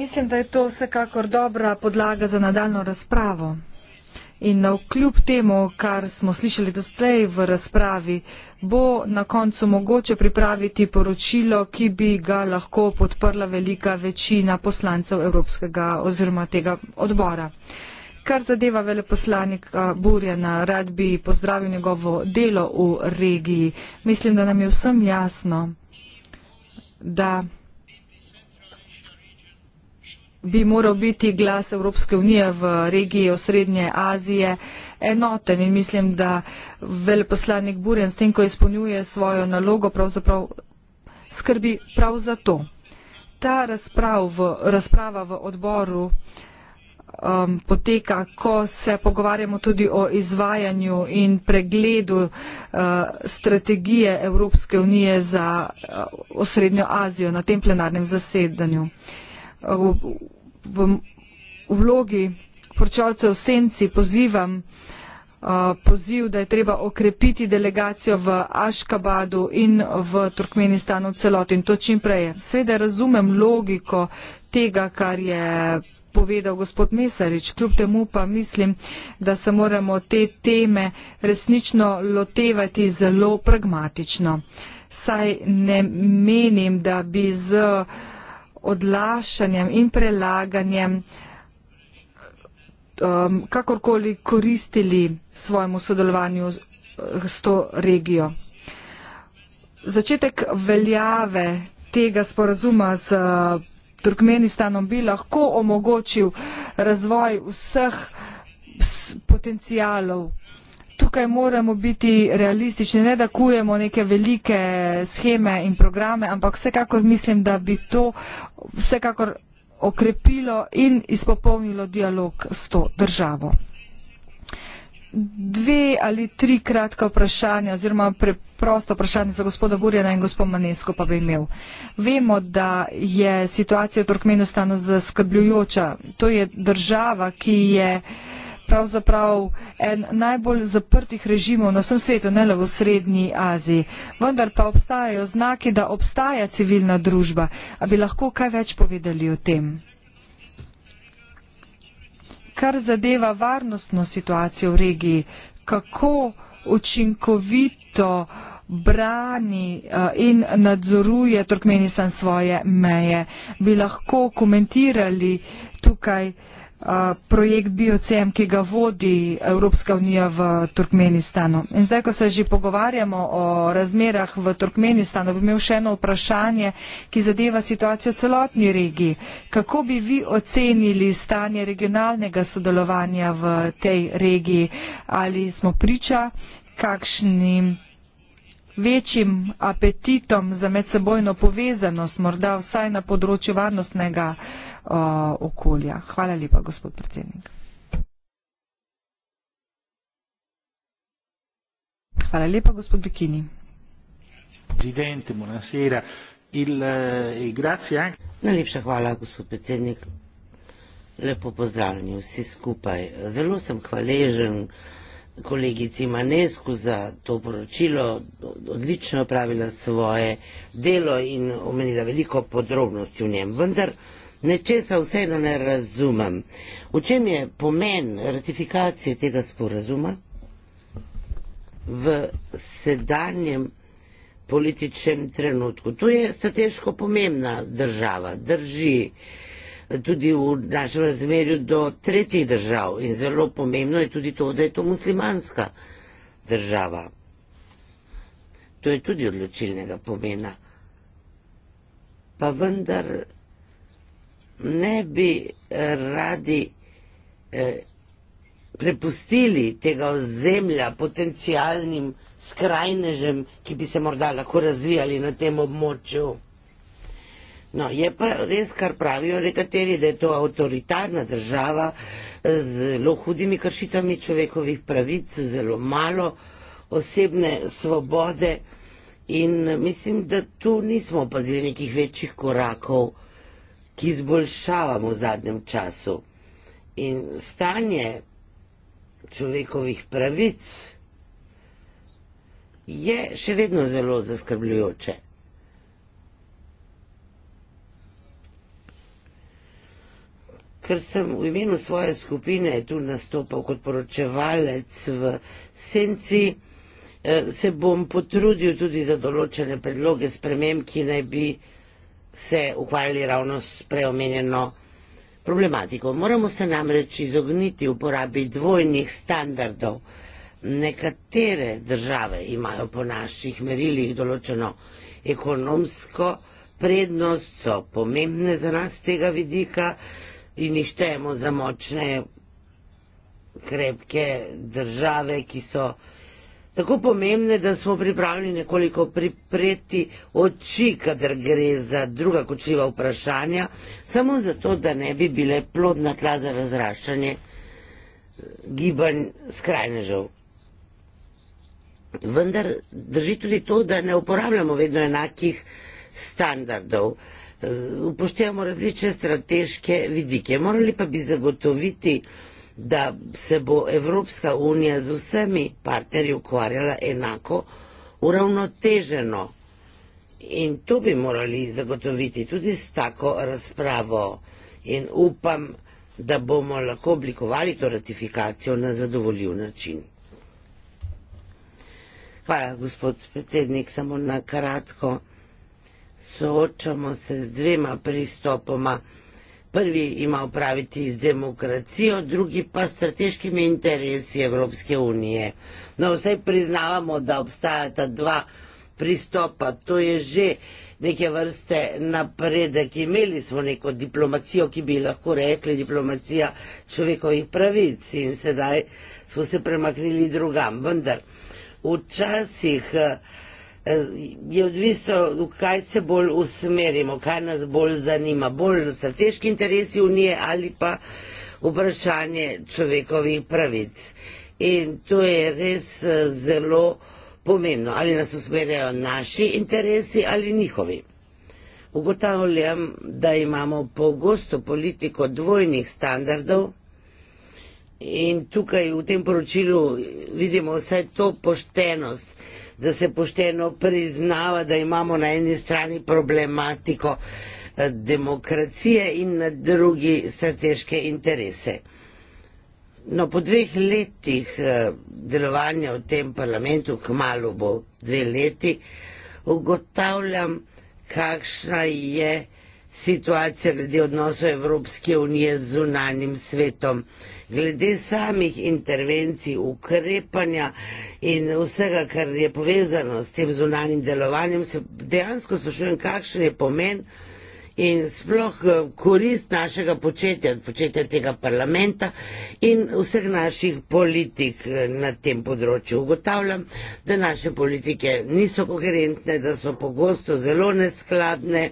Mislim, da je to vsekakor dobra podlaga za nadaljno razpravo. In kljub temu, kar smo slišali dostej v razpravi, bo na koncu mogoče pripraviti poročilo, ki bi ga lahko podprla velika večina poslancev Evropskega oziroma tega odbora. Kar zadeva veleposlanika Burjana, rad bi pozdravil njegovo delo v regiji. Mislim, da nam je vsem jasno, da bi moral biti glas Evropske unije v regiji Osrednje Azije enoten in mislim, da veleposlanik Burjan s tem, ko izpolnjuje svojo nalogo, pravzaprav skrbi prav za to. Ta razprav v, razprava v odboru um, poteka, ko se pogovarjamo tudi o izvajanju in pregledu uh, strategije Evropske unije za uh, Osrednjo Azijo na tem plenarnem zasedanju. Uh, v vlogi poročevalcev senci pozivam uh, poziv, da je treba okrepiti delegacijo v Aškabadu in v Turkmenistanu celoti in to čim prej. Seveda razumem logiko tega, kar je povedal gospod Mesarič. Kljub temu pa mislim, da se moramo te teme resnično lotevati zelo pragmatično. Saj ne menim, da bi z uh, odlašanjem in prelaganjem um, kakorkoli koristili svojemu sodelovanju s to regijo. Začetek veljave tega sporazuma z uh, Turkmenistanom bi lahko omogočil razvoj vseh potencijalov tukaj moramo biti realistični, ne da kujemo neke velike scheme in programe, ampak vsekakor mislim, da bi to vsekakor okrepilo in izpopolnilo dialog s to državo. Dve ali tri kratka vprašanja oziroma preprosto vprašanje za gospoda Burjana in gospod Manesko pa bi imel. Vemo, da je situacija v Turkmenistanu zaskrbljujoča. To je država, ki je uh, pravzaprav en najbolj zaprtih režimov na vsem svetu, ne le v Srednji Aziji. Vendar pa obstajajo znaki, da obstaja civilna družba. A bi lahko kaj več povedali o tem? Kar zadeva varnostno situacijo v regiji, kako učinkovito brani in nadzoruje Turkmenistan svoje meje. Bi lahko komentirali tukaj projekt BioCM, ki ga vodi Evropska unija v Turkmenistanu. In zdaj, ko se že pogovarjamo o razmerah v Turkmenistanu, bi imel še eno vprašanje, ki zadeva situacijo celotni regiji. Kako bi vi ocenili stanje regionalnega sodelovanja v tej regiji? Ali smo priča kakšnim večjim apetitom za medsebojno povezanost, morda vsaj na področju varnostnega uh, okolja. Hvala lepa, gospod predsednik. Hvala lepa, gospod Bikini. Presidente, buonasera. Il, eh, e grazie anche... Najlepša hvala, gospod predsednik. Lepo pozdravljeni vsi skupaj. Zelo sem hvaležen kolegici Manesku za to poročilo. Odlično je opravila svoje delo in omenila veliko podrobnosti v njem. Vendar nečesa vseeno ne razumem. V čem je pomen ratifikacije tega sporazuma v sedanjem političnem trenutku? To je strateško pomembna država, drži tudi v našem razmerju do tretjih držav in zelo pomembno je tudi to, da je to muslimanska država. To je tudi odločilnega pomena. Pa vendar ne bi eh, radi eh, prepustili tega ozemlja potencijalnim skrajnežem, ki bi se morda lahko razvijali na tem območju. No, je pa res, kar pravijo nekateri, da je to avtoritarna država z eh, zelo hudimi kršitami človekovih pravic, zelo malo osebne svobode in mislim, da tu nismo opazili nekih večjih korakov ki izboljšavamo v zadnjem času. In stanje človekovih pravic je še vedno zelo zaskrbljujoče. Ker sem v imenu svoje skupine tu nastopal kot poročevalec v senci, eh, se bom potrudil tudi za določene predloge sprememb, ki naj bi se ukvarjali ravno s preomenjeno problematiko. Moramo se namreč izogniti uporabi dvojnih standardov. Nekatere države imajo po naših merilih določeno ekonomsko prednost, so pomembne za nas z tega vidika in jih štejemo za močne, krepke države, ki so tako pomembne, da smo pripravljeni nekoliko pripreti oči, kadar gre za druga kočiva vprašanja, samo zato, da ne bi bile plodna tla za razraščanje eh, gibanj skrajnežev. Vendar drži tudi to, da ne uporabljamo vedno enakih standardov. Eh, upoštevamo različne strateške vidike. Morali pa bi zagotoviti, da se bo Evropska unija z vsemi partnerji ukvarjala enako, uravnoteženo. In to bi morali zagotoviti tudi s tako razpravo. In upam, da bomo lahko oblikovali to ratifikacijo na zadovoljiv način. Hvala, gospod predsednik, samo na kratko. Soočamo se z dvema pristopoma prvi ima upraviti z demokracijo, drugi pa s strateškimi interesi Evropske unije. No, vse priznavamo, da obstajata dva pristopa, to je že neke vrste napredek. Imeli smo neko diplomacijo, ki bi lahko rekli diplomacija človekovih pravic in sedaj smo se premaknili drugam. Vendar včasih eh, je odvisno, v kaj se bolj usmerimo, kaj nas bolj zanima, bolj strateški interesi unije ali pa vprašanje človekovih pravic. In to je res eh, zelo pomembno, ali nas usmerjajo naši interesi ali njihovi. Ugotavljam, da imamo pogosto politiko dvojnih standardov in tukaj v tem poročilu vidimo vse to poštenost da se pošteno priznava, da imamo na eni strani problematiko eh, demokracije in na drugi strateške interese. No, po dveh letih eh, delovanja v tem parlamentu, k malu bo dve leti, ugotavljam, kakšna je situacija glede odnosov Evropske unije z zunanjim svetom. Glede samih intervencij, ukrepanja in vsega, kar je povezano s tem zunanjim delovanjem, se dejansko sprašujem, kakšen je pomen in sploh eh, korist našega početja, početja tega parlamenta in vseh naših politik eh, na tem področju. Ugotavljam, da naše politike niso koherentne, da so pogosto zelo neskladne.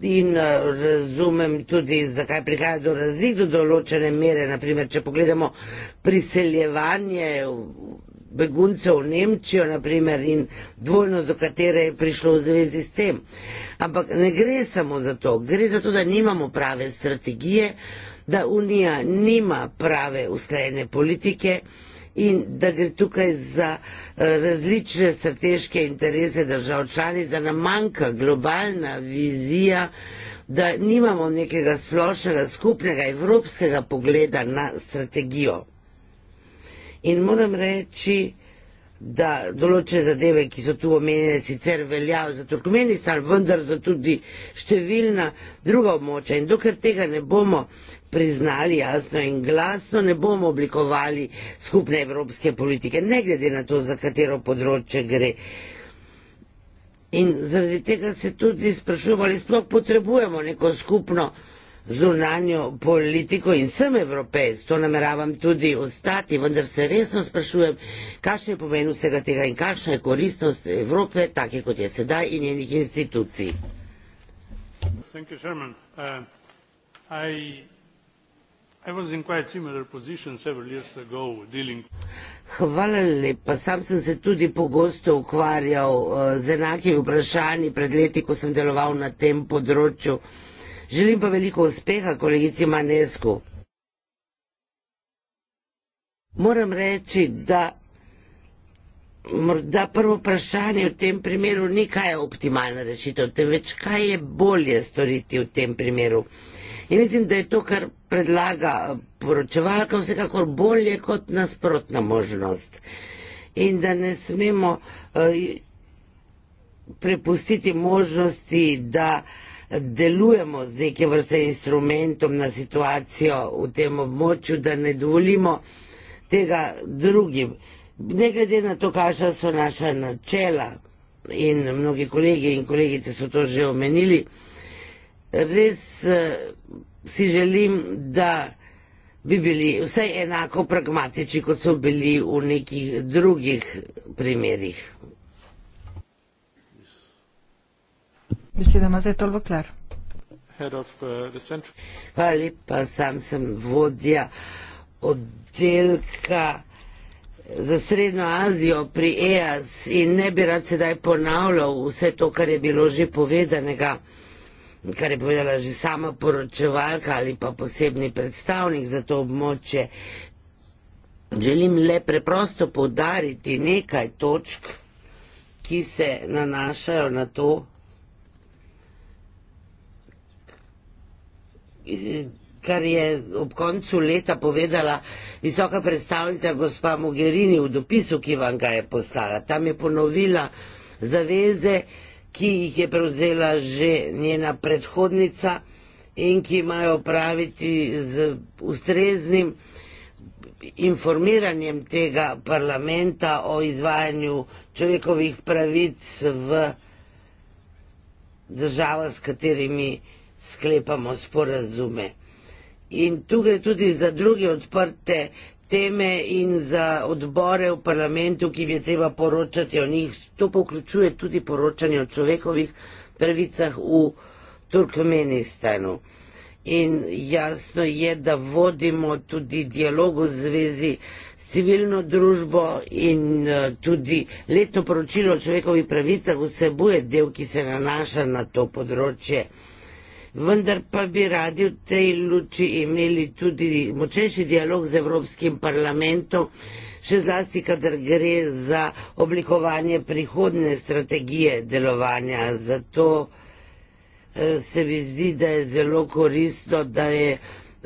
In eh, razumem tudi, zakaj prihaja do razlik do določene mere. Naprimer, če pogledamo priseljevanje beguncev v Nemčijo, naprimer, in dvojnost, do katere je prišlo v zvezi s tem. Ampak ne gre samo za to, gre za to, da nimamo prave strategije, da Unija nima prave usklajene politike in da gre tukaj za eh, različne strateške interese držav članic, da nam manjka globalna vizija, da nimamo nekega splošnega, skupnega evropskega pogleda na strategijo. In moram reči, da določene zadeve, ki so tu omenjene, sicer veljajo za Turkmenistan, vendar za tudi številna druga območja. In dokler tega ne bomo priznali jasno in glasno, ne bomo oblikovali skupne evropske politike, ne glede na to, za katero področje gre. In zaradi tega se tudi sprašujemo, ali sploh potrebujemo neko skupno zunanjo politiko in sem evropejc, to nameravam tudi ostati, vendar se resno sprašujem, kakšen je pomen vsega tega in kakšna je koristnost Evrope, take kot je sedaj in njenih institucij. Thank you, Sherman. Uh, I... Hvala lepa. Sam sem se tudi pogosto ukvarjal eh, z enakimi vprašanji pred leti, ko sem deloval na tem področju. Želim pa veliko uspeha kolegici Manesku. Moram reči, da morda prvo vprašanje v tem primeru ni, kaj je optimalna rešitev, temveč kaj je bolje storiti v tem primeru. In mislim, da je to, kar predlaga poročevalka vsekakor bolje kot nasprotna možnost. In da ne smemo uh, prepustiti možnosti, da delujemo z neke vrste instrumentom na situacijo v tem območju, da ne dovolimo tega drugim. Ne glede na to, kakšna so naša načela in mnogi kolegi in kolegice so to že omenili, res uh, si želim, da bi bili vsaj enako pragmatični, kot so bili v nekih drugih primerjih. Beseda ima zdaj Tolvo Klar. Uh, Hvala lepa, sam sem vodja oddelka za Srednjo Azijo pri EAS in ne bi rad sedaj ponavljal vse to, kar je bilo že povedanega kar je povedala že sama poročevalka ali pa posebni predstavnik za to območje. Želim le preprosto povdariti nekaj točk, ki se nanašajo na to, kar je ob koncu leta povedala visoka predstavnica gospa Mogherini v dopisu, ki vam ga je poslala. Tam je ponovila zaveze, ki jih je prevzela že njena predhodnica in ki imajo praviti z ustreznim informiranjem tega parlamenta o izvajanju človekovih pravic v državah, s katerimi sklepamo sporazume. In tu gre tudi za druge odprte teme in za odbore v parlamentu, ki bi treba poročati o njih. To pa vključuje tudi poročanje o človekovih pravicah v Turkmenistanu. In jasno je, da vodimo tudi dialog v zvezi s civilno družbo in eh, tudi letno poročilo o človekovih pravicah vsebuje del, ki se nanaša na to področje vendar pa bi radi v tej luči imeli tudi močnejši dialog z Evropskim parlamentom, še zlasti, kadar gre za oblikovanje prihodne strategije delovanja. Zato eh, se mi zdi, da je zelo koristno, da, je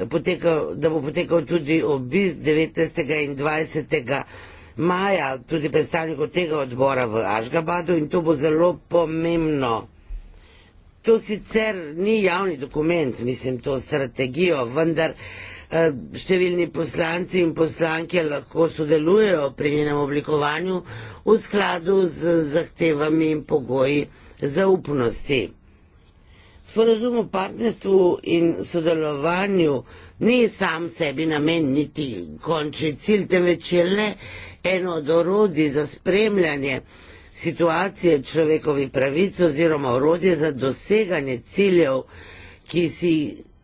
potekal, da bo potekal tudi obisk 19. in 20. maja tudi predstavnikov tega odbora v Ažgabadu in to bo zelo pomembno to sicer ni javni dokument, mislim to strategijo, vendar eh, številni poslanci in poslanke lahko sodelujejo pri njenem oblikovanju v skladu z zahtevami in pogoji zaupnosti. Sporazum o partnerstvu in sodelovanju ni sam sebi namen niti končni cilj, temveč je le eno od orodij za spremljanje situacije človekovi pravic oziroma orodje za doseganje ciljev, ki si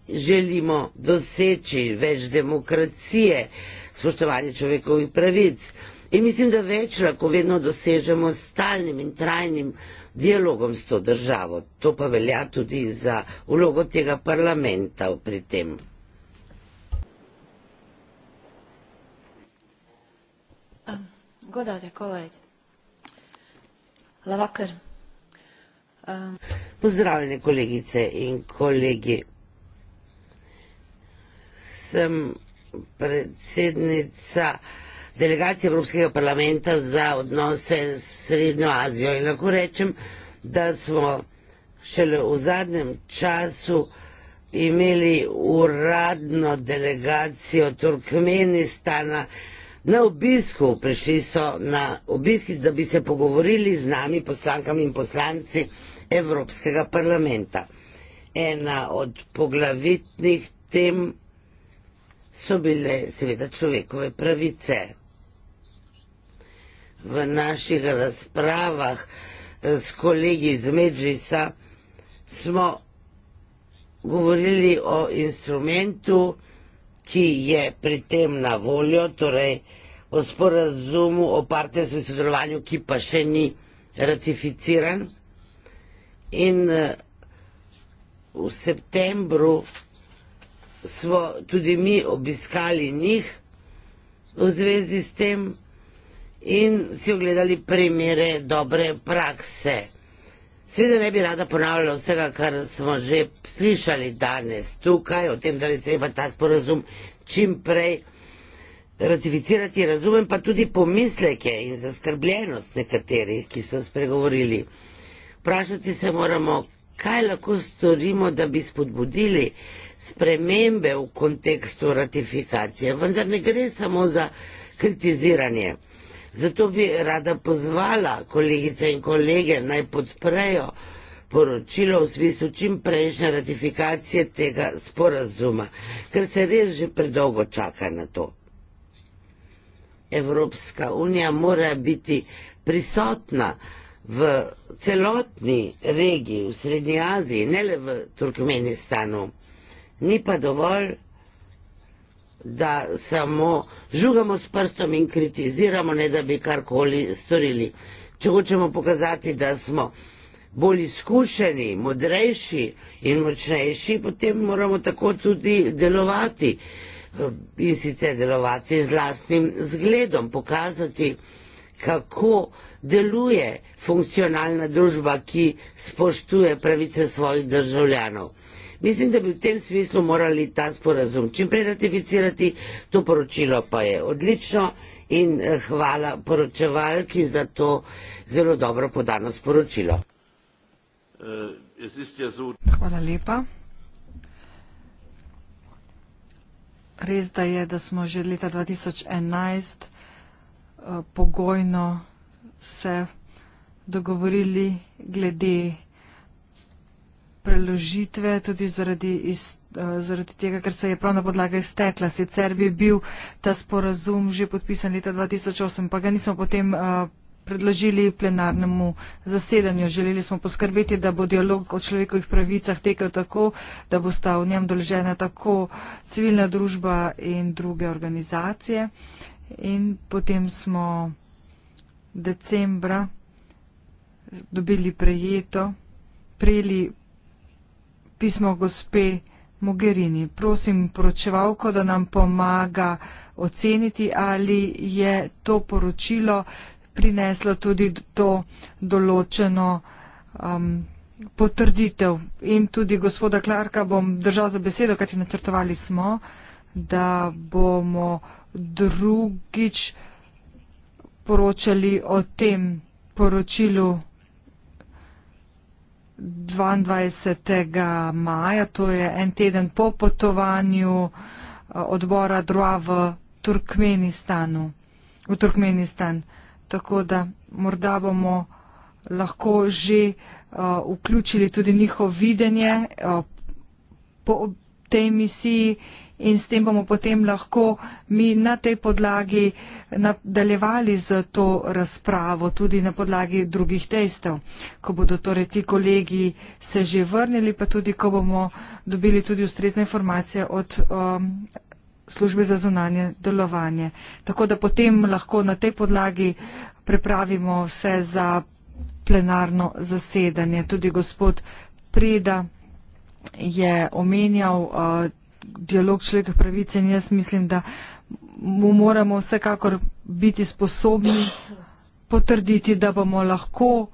želimo doseči več demokracije, spoštovanje človekovih pravic. In mislim, da več lahko vedno dosežemo s stalnim in trajnim dialogom s to državo. To pa velja tudi za ulogo tega parlamenta pri tem. Uh, Godate, kolegi. Lavakar. Um. Pozdravljene kolegice in kolegi. Sem predsednica delegacije Evropskega parlamenta za odnose s Srednjo Azijo in lahko rečem, da smo šele v zadnjem času imeli uradno delegacijo Turkmenistana, Na obisku prišli so na obisk, da bi se pogovorili z nami, poslankami in poslanci Evropskega parlamenta. Ena od poglavitnih tem so bile seveda človekove pravice. V naših razpravah eh, s kolegi iz Medžisa smo govorili o instrumentu, ki je pri tem na voljo, torej o sporazumu o partnerstvu in sodelovanju, ki pa še ni ratificiran. In eh, v septembru smo tudi mi obiskali njih v zvezi s tem in si ogledali primere dobre prakse. Seveda ne bi rada ponavljala vsega, kar smo že slišali danes tukaj, o tem, da bi treba ta sporazum čim prej ratificirati. Razumem pa tudi pomisleke in zaskrbljenost nekaterih, ki so spregovorili. Vprašati se moramo, kaj lahko storimo, da bi spodbudili spremembe v kontekstu ratifikacije. Vendar ne gre samo za kritiziranje. Zato bi rada pozvala kolegice in kolege naj podprejo poročilo v smislu čim prejšnje ratifikacije tega sporazuma, ker se res že predolgo čaka na to. Evropska unija mora biti prisotna v celotni regiji, v Srednji Aziji, ne le v Turkmenistanu. Ni pa dovolj da samo žugamo s prstom in kritiziramo, ne da bi karkoli storili. Če hočemo pokazati, da smo bolj izkušeni, modrejši in močnejši, potem moramo tako tudi delovati in sicer delovati z lastnim zgledom, pokazati, kako deluje funkcionalna družba, ki spoštuje pravice svojih državljanov. Mislim, da bi v tem smislu morali ta sporazum čimprej ratificirati, to poročilo pa je odlično in eh, hvala poročevalki za to zelo dobro podano sporočilo. Eh, ja hvala lepa. Res da je, da smo že leta 2011 eh, pogojno se dogovorili glede preložitve, tudi zaradi, iz, eh, zaradi tega, ker se je prav na podlaga iztekla. Sicer bi bil ta sporazum že podpisan leta 2008, pa ga nismo potem eh, predložili plenarnemu zasedanju. Želeli smo poskrbeti, da bo dialog o človekovih pravicah tekel tako, da bo sta v njem doležena tako civilna družba in druge organizacije. In potem smo decembra dobili prejeto, prejeli pismo gospe Mogherini. Prosim poročevalko, da nam pomaga oceniti, ali je to poročilo prineslo tudi to določeno um, potrditev. In tudi gospoda Klarka bom držal za besedo, kajti načrtovali smo, da bomo drugič poročali o tem poročilu 22. maja, to je en teden po potovanju eh, odbora Drua v Turkmenistanu, v Turkmenistan. Tako da morda bomo lahko že eh, vključili tudi njihovo videnje eh, po tej misiji in s tem bomo potem lahko mi na tej podlagi nadaljevali z to razpravo tudi na podlagi drugih dejstev, ko bodo torej ti kolegi se že vrnili, pa tudi, ko bomo dobili tudi ustrezne informacije od um, službe za zunanje delovanje. Tako da potem lahko na tej podlagi prepravimo vse za plenarno zasedanje. Tudi gospod Preda je omenjal uh, dialog človekovih pravic in jaz mislim, da mu moramo vsekakor biti sposobni potrditi, da bomo lahko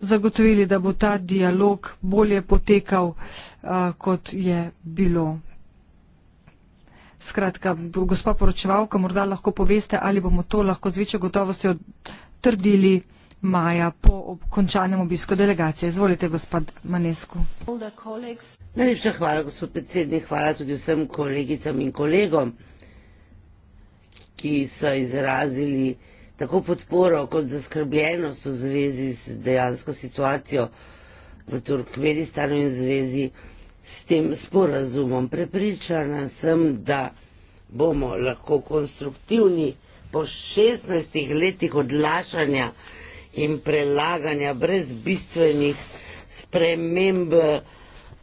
zagotovili, da bo ta dialog bolje potekal, uh, kot je bilo. Skratka, gospa poročevalka, morda lahko poveste, ali bomo to lahko z večjo gotovostjo trdili maja po končanem obisku delegacije. Izvolite, gospod Manesku. Najlepša hvala, gospod predsednik, hvala tudi vsem kolegicam in kolegom, ki so izrazili tako podporo kot zaskrbljenost v zvezi z dejansko situacijo v Turkmenistanu in zvezi s tem sporazumom. Prepričana sem, da bomo lahko konstruktivni po 16 letih odlašanja in prelaganja brez bistvenih sprememb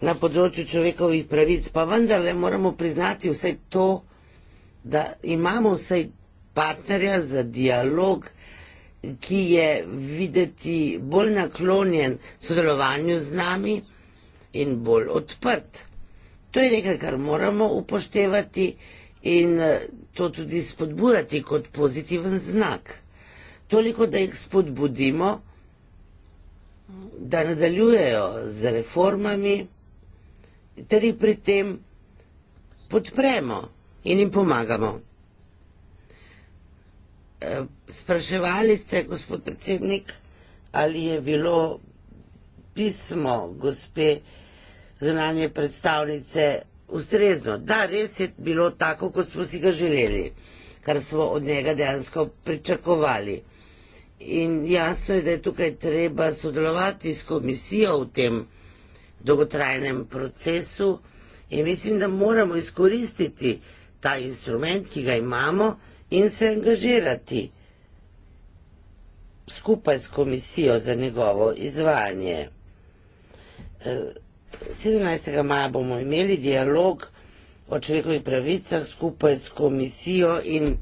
na področju človekovih pravic, pa vendarle moramo priznati vse to, da imamo vse partnerja za dialog, ki je videti bolj naklonjen sodelovanju z nami in bolj odprt. To je nekaj, kar moramo upoštevati in to tudi spodbujati kot pozitiven znak toliko, da jih spodbudimo, da nadaljujejo z reformami, ter jih pri tem podpremo in jim pomagamo. E, spraševali ste, gospod predsednik, ali je bilo pismo gospe zunanje predstavnice ustrezno. Da, res je bilo tako, kot smo si ga želeli, kar smo od njega dejansko pričakovali. In jasno je, da je tukaj treba sodelovati s komisijo v tem dolgotrajnem procesu in mislim, da moramo izkoristiti ta instrument, ki ga imamo in se angažirati skupaj s komisijo za njegovo izvajanje. 17. Eh, maja bomo imeli dialog o človekovih pravicah skupaj s komisijo in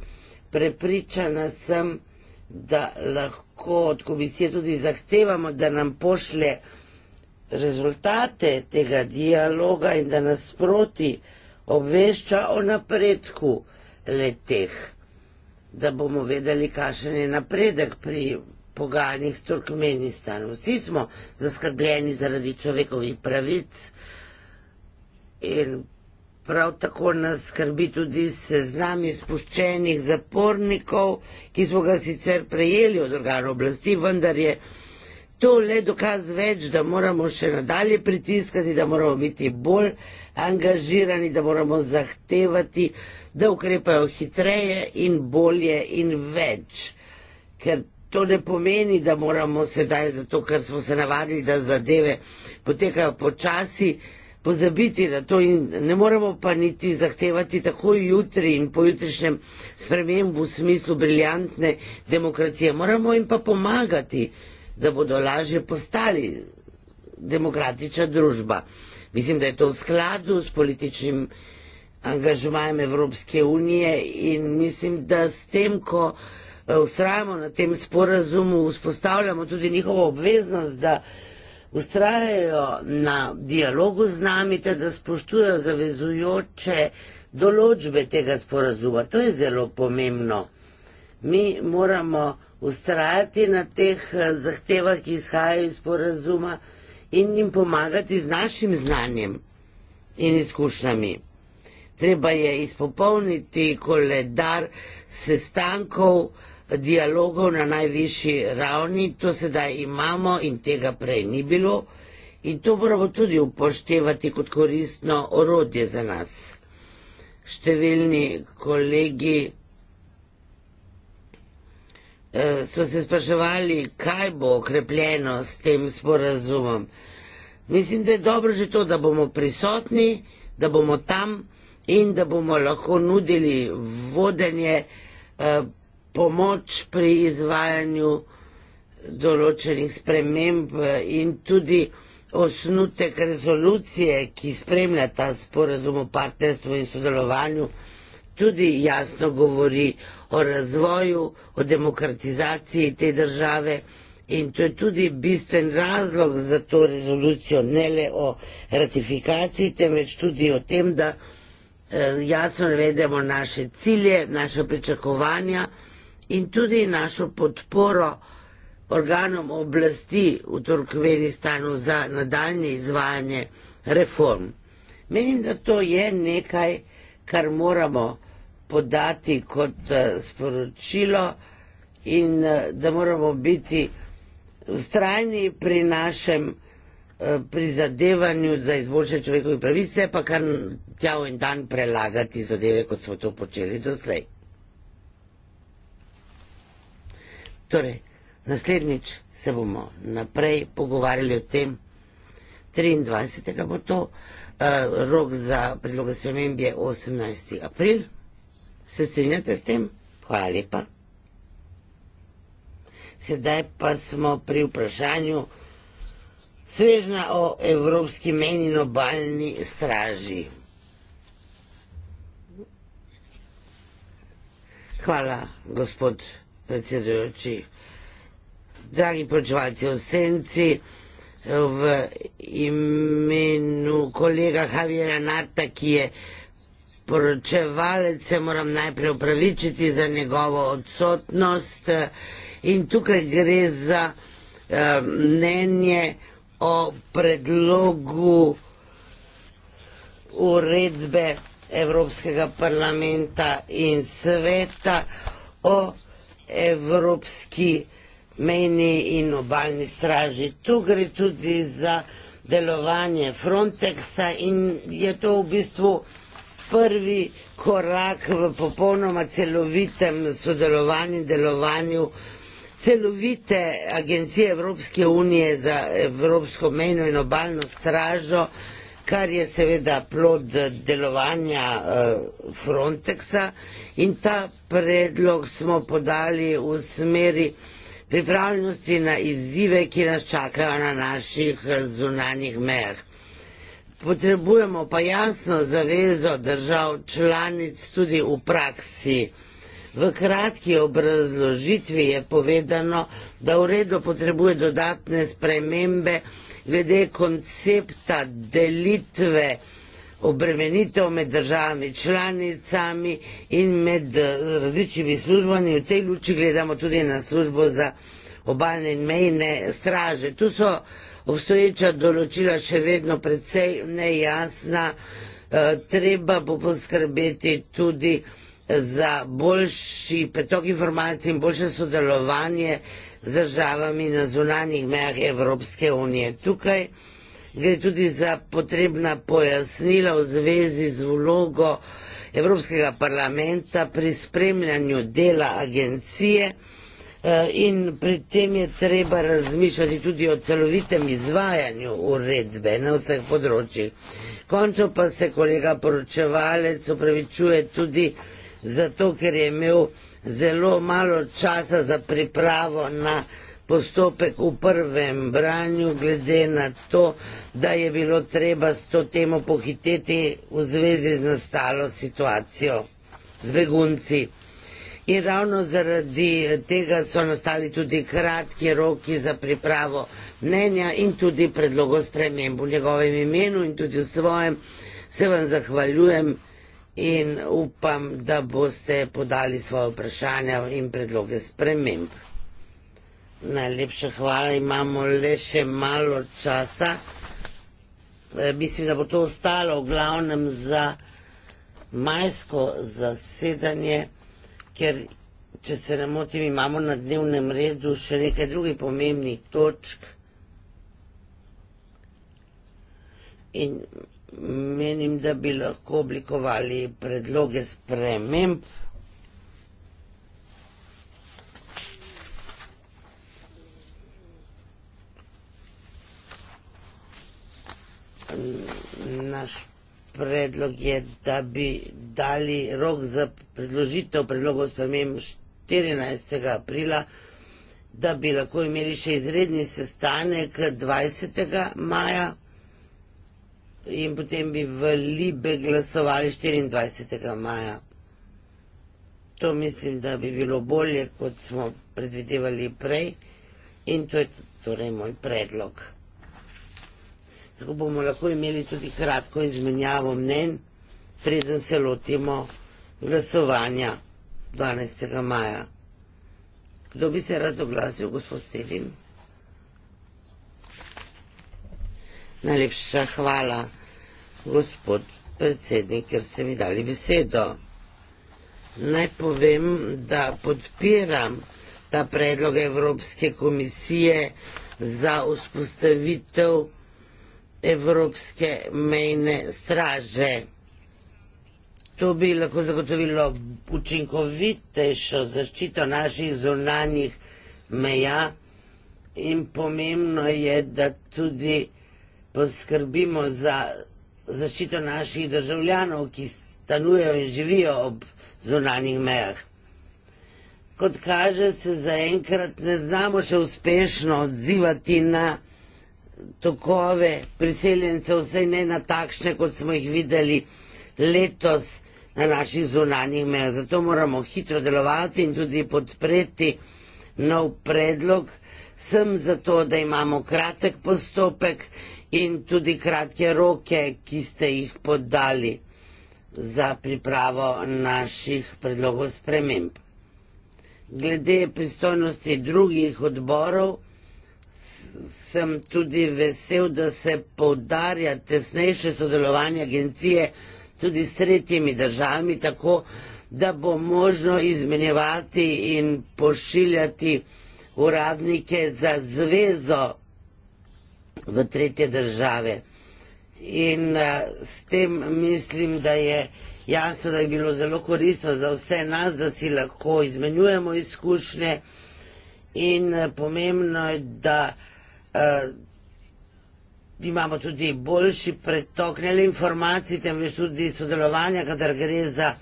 prepričana sem, da da lahko od komisije tudi zahtevamo, da nam pošlje rezultate tega dialoga in da nas proti obvešča o napredku leteh, da bomo vedeli, kakšen je napredek pri pogajanjih s Turkmenistanom. Vsi smo zaskrbljeni zaradi človekovih pravic in Prav tako nas skrbi tudi seznam izpuščenih zapornikov, ki smo ga sicer prejeli od organov oblasti, vendar je to le dokaz več, da moramo še nadalje pritiskati, da moramo biti bolj angažirani, da moramo zahtevati, da ukrepajo hitreje in bolje in več. Ker to ne pomeni, da moramo sedaj, zato ker smo se navadili, da zadeve potekajo počasi, pozabiti na to in ne moremo pa niti zahtevati takoj jutri in pojutrišnjem spremembu v smislu briljantne demokracije. Moramo jim pa pomagati, da bodo lažje postali demokratična družba. Mislim, da je to v skladu s političnim angažmajem Evropske unije in mislim, da s tem, ko ustrajamo eh, na tem sporazumu, vzpostavljamo tudi njihovo obveznost, da ustrajajo na dialogu z nami ter da spoštujejo zavezujoče določbe tega sporazuma. To je zelo pomembno. Mi moramo ustrajati na teh eh, zahtevah, ki izhajajo iz sporazuma in jim pomagati z našim znanjem in izkušnjami. Treba je izpopolniti koledar sestankov, dialogov na najvišji ravni, to sedaj imamo in tega prej ni bilo in to moramo tudi upoštevati kot koristno orodje za nas. Številni kolegi eh, so se spraševali, kaj bo okrepljeno s tem sporazumom. Mislim, da je dobro že to, da bomo prisotni, da bomo tam in da bomo lahko nudili vodenje eh, pomoč pri izvajanju določenih sprememb in tudi osnutek rezolucije, ki spremlja ta sporazum o partnerstvu in sodelovanju, tudi jasno govori o razvoju, o demokratizaciji te države in to je tudi bistven razlog za to rezolucijo, ne le o ratifikaciji, temveč tudi o tem, da eh, jasno navedemo naše cilje, naše pričakovanja, in tudi našo podporo organom oblasti v Turkmenistanu za nadaljne izvajanje reform. Menim, da to je nekaj, kar moramo podati kot eh, sporočilo in eh, da moramo biti ustrajni pri našem eh, prizadevanju za izboljšanje človekovih pravice, pa kar tja v en dan prelagati zadeve, kot smo to počeli doslej. Torej, naslednjič se bomo naprej pogovarjali o tem. 23. bo to. Uh, rok za predlog sprememb je 18. april. Se strinjate s tem? Hvala lepa. Sedaj pa smo pri vprašanju svežna o Evropski meni in obaljni straži. Hvala, gospod predsedujoči. Dragi počuvalci v senci, v imenu kolega Javiera Narta, ki je poročevalec, se moram najprej upravičiti za njegovo odsotnost in tukaj gre za eh, mnenje o predlogu uredbe Evropskega parlamenta in sveta o evropski meni in obaljni straži. Tu gre tudi za delovanje Frontexa in je to v bistvu prvi korak v popolnoma celovitem sodelovanju, delovanju celovite agencije Evropske unije za Evropsko mejno in obaljno stražo kar je seveda plod delovanja eh, Frontexa in ta predlog smo podali v smeri pripravljenosti na izzive, ki nas čakajo na naših eh, zunanjih mejah. Potrebujemo pa jasno zavezo držav članic tudi v praksi. V kratki obrazložitvi je povedano, da v redu potrebuje dodatne spremembe, glede koncepta delitve obremenitev med državami članicami in med eh, različnimi službami. V tej luči gledamo tudi na službo za obalne in mejne straže. Tu so obstoječa določila še vedno precej nejasna. Eh, treba bo poskrbeti tudi za boljši pretok informacij in boljše sodelovanje z državami na zunanjih mejah Evropske unije. Tukaj gre tudi za potrebna pojasnila v zvezi z vlogo Evropskega parlamenta pri spremljanju dela agencije eh, in pri tem je treba razmišljati tudi o celovitem izvajanju uredbe na vseh področjih. Končal pa se kolega poročevalec upravičuje tudi zato ker je imel zelo malo časa za pripravo na postopek v prvem branju, glede na to, da je bilo treba s to temo pohiteti v zvezi z nastalo situacijo z begunci. In ravno zaradi tega so nastali tudi kratki roki za pripravo mnenja in tudi predlogo spremembu v njegovem imenu in tudi v svojem. Se vam zahvaljujem in upam, da boste podali svoje vprašanja in predloge sprememb. Najlepša hvala, imamo le še malo časa. E, mislim, da bo to ostalo v glavnem za majsko zasedanje, ker, če se ne motim, imamo na dnevnem redu še nekaj drugih pomembnih točk. In menim, da bi lahko oblikovali predloge sprememb. Naš predlog je, da bi dali rok za predložitev predlogov sprememb 14. aprila, da bi lahko imeli še izredni sestanek 20. maja in potem bi v Libe glasovali 24. maja. To mislim, da bi bilo bolje, kot smo predvidevali prej. In to je torej moj predlog. Tako bomo lahko imeli tudi kratko izmenjavo mnen, preden se lotimo glasovanja 12. maja. Kdo bi se rad oglasil, gospod Stevin? Najlepša hvala, gospod predsednik, ker ste mi dali besedo. Naj povem, da podpiram ta predlog Evropske komisije za vzpostavitev Evropske mejne straže. To bi lahko zagotovilo učinkovitejšo zaščito naših zunanjih meja in pomembno je, da tudi poskrbimo za zaščito naših državljanov, ki stanujejo in živijo ob zunanjih mejah. Kot kaže, se zaenkrat ne znamo še uspešno odzivati na tokove priseljencev, vse ne na takšne, kot smo jih videli letos na naših zunanjih mejah. Zato moramo hitro delovati in tudi podpreti nov predlog. Sem zato, da imamo kratek postopek in tudi kratke roke, ki ste jih podali za pripravo naših predlogov sprememb. Glede pristojnosti drugih odborov sem tudi vesel, da se povdarja tesnejše sodelovanje agencije tudi s tretjimi državami, tako da bo možno izmenjevati in pošiljati uradnike za zvezo v tretje države. In uh, s tem mislim, da je jasno, da je bilo zelo koristno za vse nas, da si lahko izmenjujemo izkušnje in uh, pomembno je, da uh, imamo tudi boljši pretok, ne le informacij, temveč tudi sodelovanja, kadar gre za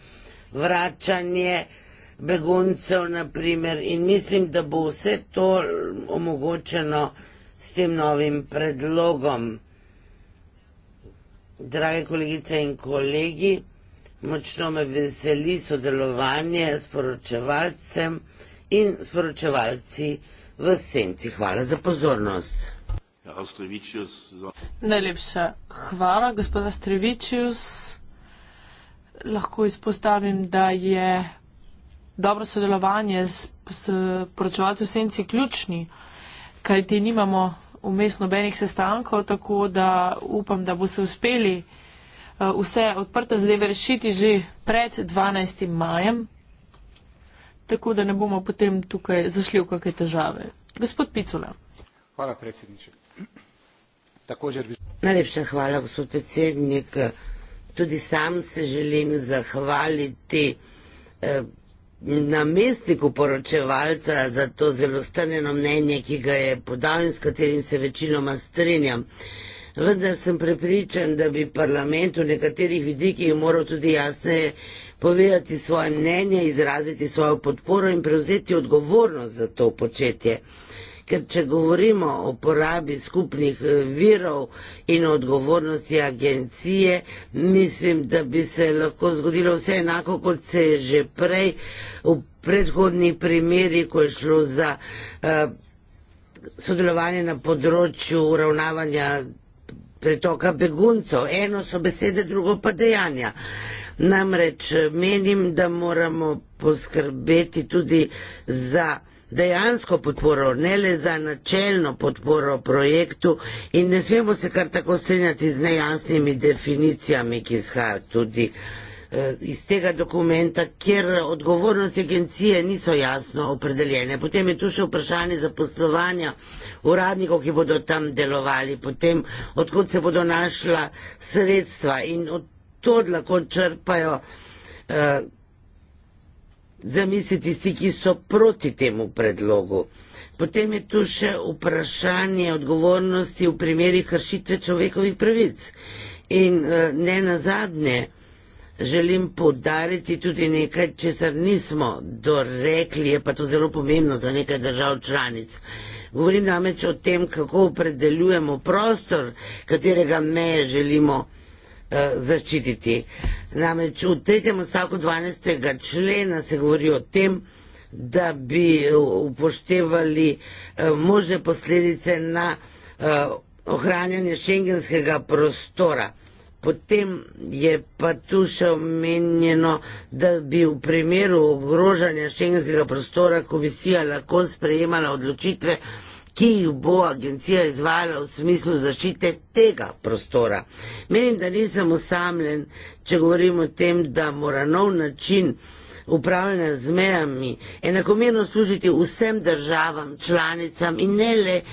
vračanje beguncev, naprimer. In mislim, da bo vse to omogočeno s tem novim predlogom. Drage kolegice in kolegi, močno me veseli sodelovanje s poročevalcem in sporočevalci v senci. Hvala za pozornost. Najlepša hvala, gospoda Strevičius. Lahko izpostavim, da je dobro sodelovanje s, s poročevalcem v senci ključni kaj ti nimamo vmes nobenih sestankov, tako da upam, da bo se uspeli eh, vse odprte zadeve rešiti že pred 12. majem, tako da ne bomo potem tukaj zašli v kakšne težave. Gospod Picula. Hvala, predsedniče. Također bi... Najlepša hvala, gospod predsednik. Tudi sam se želim zahvaliti eh, namestniku poročevalca za to zelo strnjeno mnenje, ki ga je podal in s katerim se večinoma strinjam. Vendar sem prepričan, da bi parlament v nekaterih vidikih moral tudi jasneje povedati svoje mnenje, izraziti svojo podporo in prevzeti odgovornost za to početje ker če govorimo o porabi skupnih eh, virov in o odgovornosti agencije, mislim, da bi se lahko zgodilo vse enako, kot se je že prej v predhodnih primerih, ko je šlo za eh, sodelovanje na področju uravnavanja pretoka beguncov. Eno so besede, drugo pa dejanja. Namreč eh, menim, da moramo poskrbeti tudi za dejansko podporo, ne le za načelno podporo projektu in ne smemo se kar tako strinjati z nejasnimi definicijami, ki izhaja tudi eh, iz tega dokumenta, kjer odgovornosti agencije niso jasno opredeljene. Potem je tu še vprašanje zaposlovanja uradnikov, ki bodo tam delovali, potem odkud se bodo našla sredstva in od tod lahko črpajo. Uh, zamisli tisti, ki so proti temu predlogu. Potem je tu še vprašanje odgovornosti v primerih kršitve človekovih pravic. In eh, ne na zadnje, želim podariti tudi nekaj, česar nismo dorekli, je pa to zelo pomembno za nekaj držav članic. Govorim namreč o tem, kako opredeljujemo prostor, katerega meje želimo. Eh, zaščititi. Namreč v tretjem odstavku 12. člena se govori o tem, da bi upoštevali eh, možne posledice na eh, ohranjanje šengenskega prostora. Potem je pa tu še omenjeno, da bi v primeru ogrožanja šengenskega prostora komisija lahko sprejemala odločitve, ki jih bo agencija izvajala v smislu zaščite tega prostora. Menim, da nisem osamljen, če govorim o tem, da mora nov način upravljanja z mejami enakomerno služiti vsem državam, članicam in ne le eh,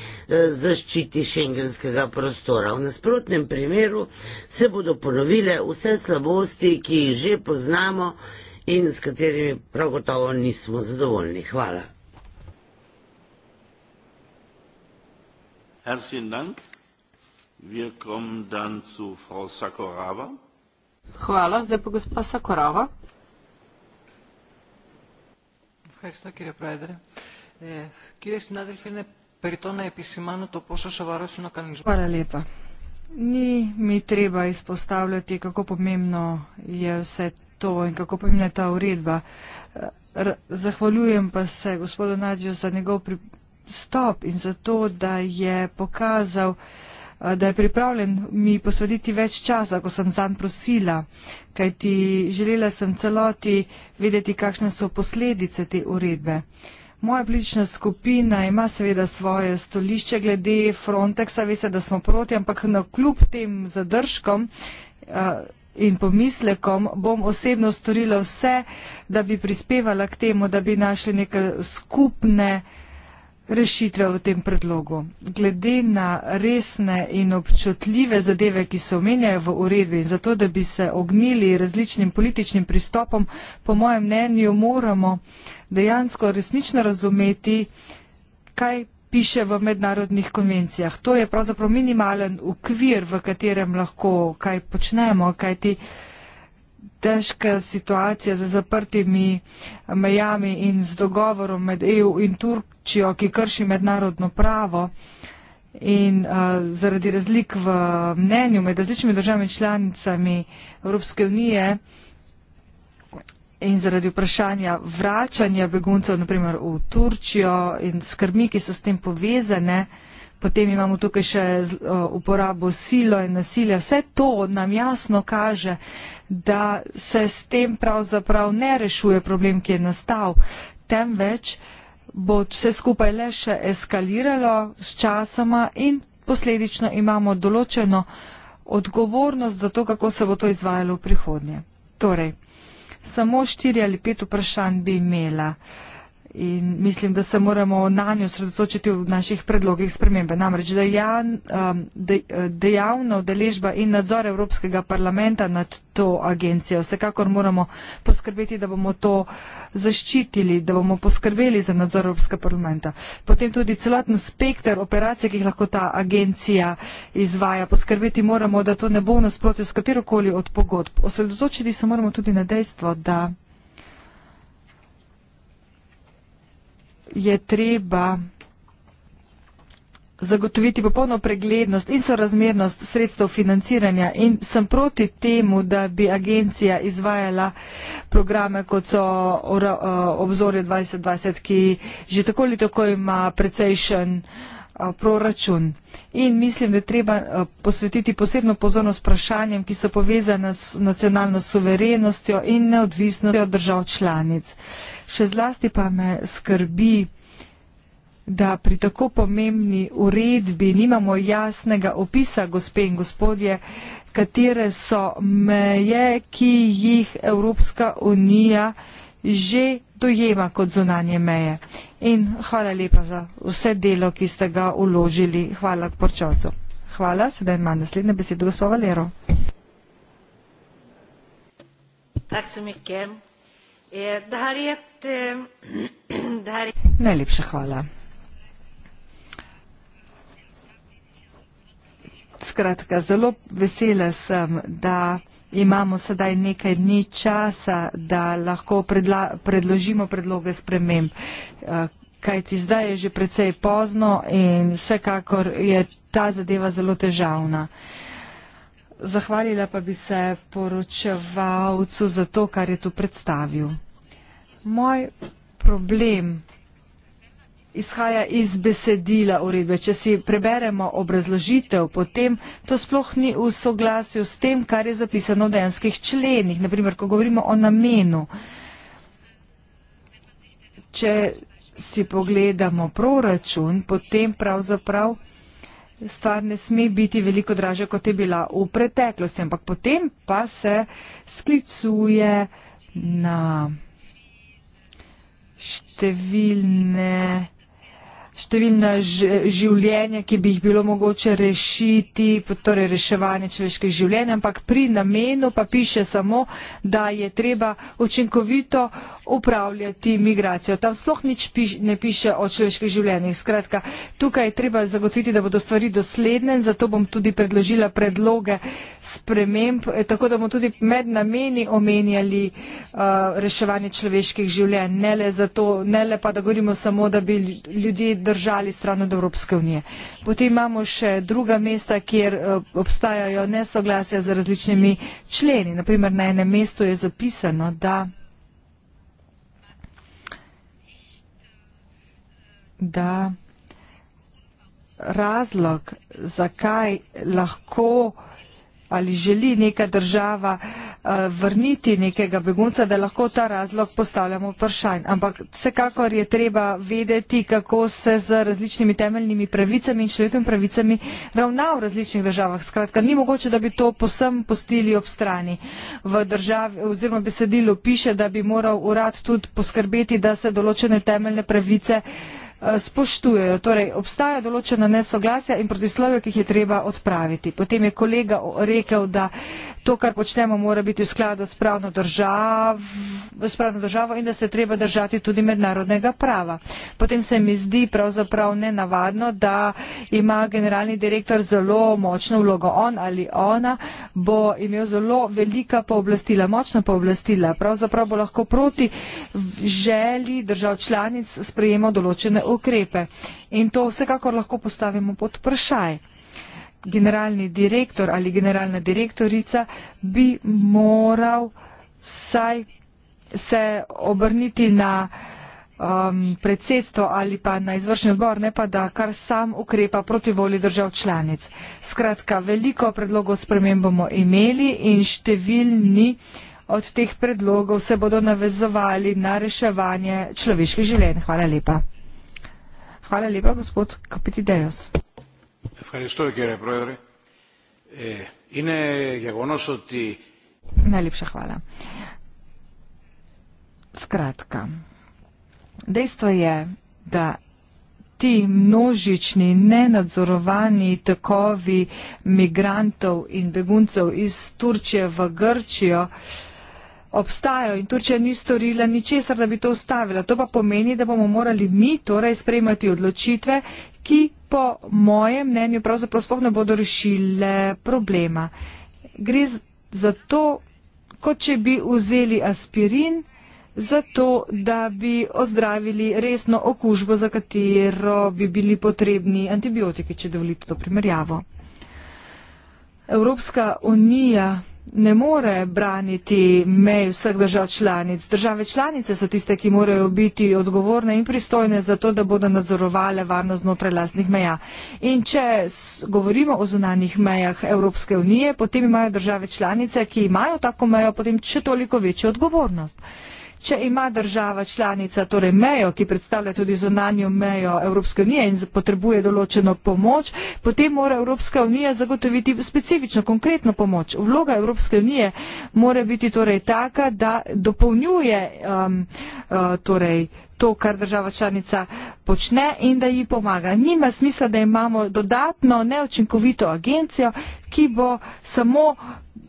zaščiti šengenskega prostora. V nasprotnem primeru se bodo ponovile vse slabosti, ki jih že poznamo in s katerimi prav gotovo nismo zadovoljni. Hvala. Herzlichen Dank. Wir kommen dann zu Frau Sakorava. Hvala, zdaj pa gospa Sakorava. Ευχαριστώ κύριε Πρόεδρε. Ε, κύριε συνάδελφε, είναι περιττό να επισημάνω το πόσο σοβαρός είναι ο κανονισμός. Πάρα λίπα. Νι μη τρίβα εισποστάβλω ότι κακό που μίμνο σε το, κακό που μίμνε τα ουρίδβα. Ζαχβολούιεμ πας σε, γοσπόδο Νάτζιος, ανοιγώ πριν stop in zato, da je pokazal, eh, da je pripravljen mi posvetiti več časa, ko sem zanj prosila, kajti želela sem celoti vedeti, kakšne so posledice te uredbe. Moja politična skupina ima seveda svoje stolišče glede Frontexa, veste, da smo proti, ampak na kljub tem zadržkom eh, in pomislekom bom osebno storila vse, da bi prispevala k temu, da bi našli neke skupne rešitve v tem predlogu. Glede na resne in občutljive zadeve, ki se omenjajo v uredbi, zato da bi se ognili različnim političnim pristopom, po mojem mnenju moramo dejansko resnično razumeti, kaj piše v mednarodnih konvencijah. To je pravzaprav minimalen ukvir, v katerem lahko kaj počnemo, kaj ti težka situacija z zaprtimi mejami in z dogovorom med EU in Turčijo, ki krši mednarodno pravo in uh, zaradi razlik v mnenju med različnimi državami članicami Evropske unije in zaradi vprašanja vračanja beguncev, naprimer v Turčijo in skrbi, ki so s tem povezane. Uh, potem imamo tukaj še uporabo silo in nasilja. Vse to nam jasno kaže, da se s tem pravzaprav ne rešuje problem, ki je nastal, temveč bo vse skupaj le še eskaliralo s časoma in posledično imamo določeno odgovornost za to, kako se bo to izvajalo v prihodnje. Torej, samo štiri ali pet vprašanj bi imela. Uh, in mislim, da se moramo na njo sredocočiti v naših predlogih spremembe. Namreč dejan, um, dejavna udeležba in nadzor Evropskega parlamenta nad to agencijo. Vsekakor moramo poskrbeti, da bomo to zaščitili, da bomo poskrbeli za nadzor Evropskega parlamenta. Potem tudi celoten spekter operacij, ki jih lahko ta agencija izvaja. Poskrbeti moramo, da to ne bo v nasprotju s katerokoli od pogodb. Osredotočiti se moramo tudi na dejstvo, da je treba zagotoviti popolno preglednost in sorazmernost sredstev financiranja in sem proti temu, da bi agencija izvajala programe, kot so eh, obzorje 2020, ki že tako ali tako ima precejšen eh, proračun. In mislim, da treba eh, posvetiti posebno pozornost vprašanjem, ki so povezane s nacionalno suverenostjo in neodvisnostjo držav članic še zlasti pa me skrbi, da pri tako pomembni uredbi nimamo jasnega opisa, gospe in gospodje, katere so meje, ki jih Evropska unija že dojema kot zonanje meje. In hvala lepa za vse delo, ki ste ga uložili. Hvala k porčovcu. Hvala, sedaj ima naslednje besede gospod Valero. Tak se mi kem. Eh, eh, Najlepša hvala. Skratka, zelo vesela sem, da imamo sedaj nekaj dni časa, da lahko predla, predložimo predloge sprememb. Eh, kajti zdaj je že precej pozno in vsekakor je ta zadeva zelo težavna. Zahvalila pa bi se poročevalcu za to, kar je tu predstavil moj problem izhaja iz besedila uredbe. Če si preberemo obrazložitev, potem to sploh ni v soglasju s tem, kar je zapisano v denskih členih. Naprimer, ko govorimo o namenu, če si pogledamo proračun, potem pravzaprav stvar ne sme biti veliko draže, kot je bila v preteklosti, ampak potem pa se sklicuje na številne številna življenja, ki bi jih bilo mogoče rešiti, torej reševanje človeških življenj, ampak pri namenu pa piše samo, da je treba učinkovito upravljati migracijo. Tam sploh nič piš, ne piše o človeških življenjih. Skratka, tukaj je treba zagotoviti, da bodo stvari dosledne, zato bom tudi predložila predloge sprememb, eh, tako da bomo tudi med nameni omenjali uh, reševanje človeških življenj. Ne le, zato, ne le pa, da govorimo samo, da bi ljudje držali stran od Evropske unije. Potem imamo še druga mesta, kjer eh, obstajajo nesoglasja z različnimi členi. Naprimer, na enem mestu je zapisano, da, da razlog, zakaj lahko ali želi neka država uh, Eh, vrniti nekega begunca, da lahko ta razlog postavljamo vprašanj. Ampak vsekakor je treba vedeti, kako se z različnimi temeljnimi pravicami in človekovimi pravicami ravna v različnih državah. Skratka, ni mogoče, da bi to posem postili ob strani. V državi oziroma besedilu piše, da bi moral urad tudi poskrbeti, da se določene temeljne pravice eh, spoštujejo. Torej, obstaja določena nesoglasja in protislovja, ki jih je treba odpraviti. Potem je kolega rekel, da to, kar počnemo, mora biti v skladu s pravno, držav, s pravno državo in da se treba držati tudi mednarodnega prava. Potem se mi zdi pravzaprav nenavadno, da ima generalni direktor zelo močno vlogo. On ali ona bo imel zelo velika pooblastila, močna pooblastila. Pravzaprav bo lahko proti želji držav članic sprejemal določene ukrepe. In to vsekakor lahko postavimo pod vprašanje generalni direktor ali generalna direktorica bi moral vsaj se obrniti na um, predsedstvo ali pa na izvršni odbor, ne pa da kar sam ukrepa proti volji držav članic. Skratka, veliko predlogov sprememb bomo imeli in številni od teh predlogov se bodo navezovali na reševanje človeških življenj. Hvala lepa. Hvala lepa, gospod Kapiti Dejos. Najlepša hvala. Skratka, dejstvo je, da ti množični nenadzorovani tokovi migrantov in beguncev iz Turčije v Grčijo obstajajo in Turčija ni storila ničesar, da bi to ustavila. To pa pomeni, da bomo morali mi torej sprejemati odločitve, ki po mojem mnenju pravzaprav sploh ne bodo rešile problema. Gre za to, kot če bi vzeli aspirin, zato da bi ozdravili resno okužbo, za katero bi bili potrebni antibiotiki, če dovolite to primerjavo. Evropska unija ne more braniti mej vseh držav članic. Države članice so tiste, ki morajo biti odgovorne in pristojne za to, da bodo nadzorovale varnost znotraj lastnih meja. In če govorimo o zunanjih mejah Evropske unije, potem imajo države članice, ki imajo tako mejo, potem če toliko večjo odgovornost. Če ima država članica torej mejo, ki predstavlja tudi zonanjo mejo Evropske unije in potrebuje določeno pomoč, potem mora Evropska unija zagotoviti specifično, konkretno pomoč. Vloga Evropske unije mora biti torej taka, da dopolnjuje um, uh, torej to, kar država članica počne in da ji pomaga. Nima smisla, da imamo dodatno neočinkovito agencijo, ki bo samo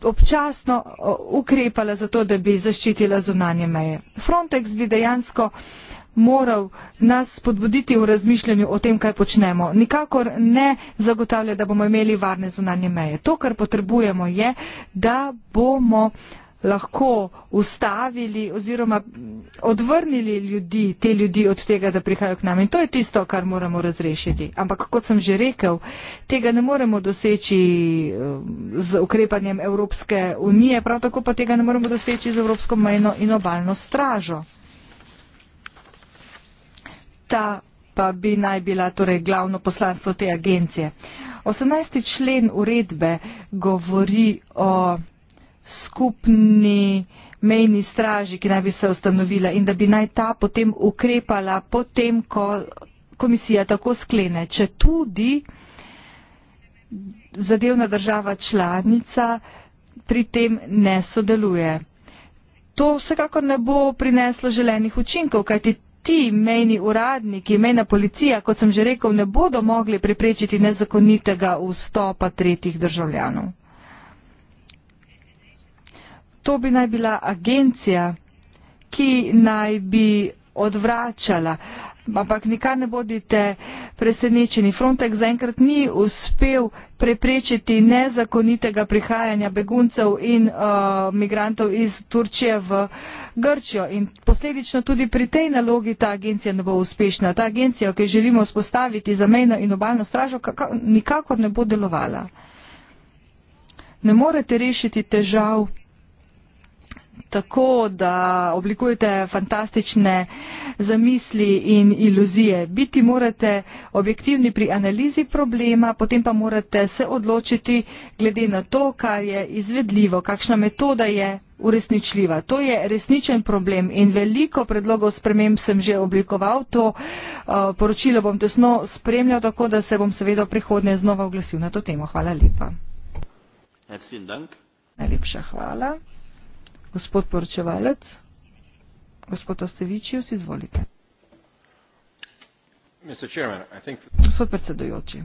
občasno ukrepala za to, da bi zaščitila zunanje meje. Frontex bi dejansko moral nas spodbuditi v razmišljanju o tem, kaj počnemo. Nikakor ne zagotavlja, da bomo imeli varne zunanje meje. To, kar potrebujemo, je, da bomo lahko ustavili oziroma odvrnili ljudi, te ljudi od tega, da prihajajo k nam. In to je tisto, kar moramo razrešiti. Ampak, kot sem že rekel, tega ne moremo doseči eh, z ukrepanjem Evropske unije, prav tako pa tega ne moremo doseči z Evropsko mejno in obaljno stražo. Ta pa bi naj bila torej glavno poslanstvo te agencije. 18. člen uredbe govori o skupni mejni straži, ki naj bi se ustanovila in da bi naj ta potem ukrepala potem, ko komisija tako sklene. Če tudi zadevna država članica pri tem ne sodeluje. To vsekako ne bo prineslo želenih učinkov, kajti ti mejni uradniki, mejna policija, kot sem že rekel, ne bodo mogli preprečiti nezakonitega vstopa tretjih državljanov to bi naj bila agencija, ki naj bi odvračala. Ampak nikar ne bodite presenečeni. Frontex zaenkrat ni uspel preprečiti nezakonitega prihajanja beguncev in uh, migrantov iz Turčije v Grčijo. In posledično tudi pri tej nalogi ta agencija ne bo uspešna. Ta agencija, ki želimo spostaviti za mejno in obaljno stražo, nikakor ne bo delovala. Ne morete rešiti težav tako, da oblikujete fantastične zamisli in iluzije. Biti morate objektivni pri analizi problema, potem pa morate se odločiti glede na to, kar je izvedljivo, kakšna metoda je uresničljiva. To je resničen problem in veliko predlogov sprememb sem že oblikoval. To uh, poročilo bom tesno spremljal, tako da se bom seveda prihodnje znova oglasil na to temo. Hvala lepa. Najlepša hvala. Gospod poročevalec, gospod Ostevičius, izvolite. Gospod predsedujoči,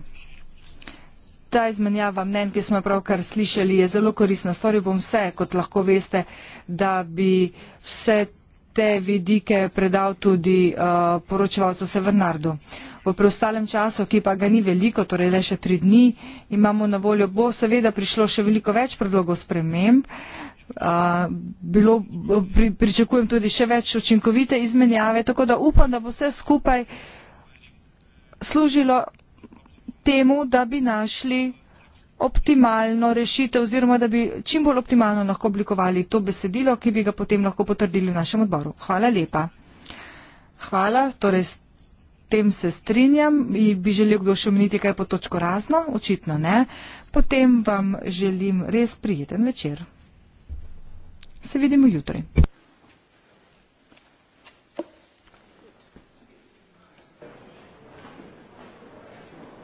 ta izmenjava mnen, ki smo prav kar slišali, je zelo korisna. Storil bom vse, kot lahko veste, da bi vse te vidike predal tudi uh, poročevalcu Severnardu. V preostalem času, ki pa ga ni veliko, torej le še tri dni, imamo na voljo, bo seveda prišlo še veliko več predlogov sprememb. Uh, bilo, pri, pričakujem tudi še več učinkovite izmenjave, tako da upam, da bo vse skupaj služilo temu, da bi našli optimalno rešitev oziroma da bi čim bolj optimalno lahko oblikovali to besedilo, ki bi ga potem lahko potrdili v našem odboru. Hvala lepa. Hvala, torej s tem se strinjam. Bi želel kdo še omeniti kaj po točko razno? Očitno ne. Potem vam želim res prijeten večer. Se vidimo jutri.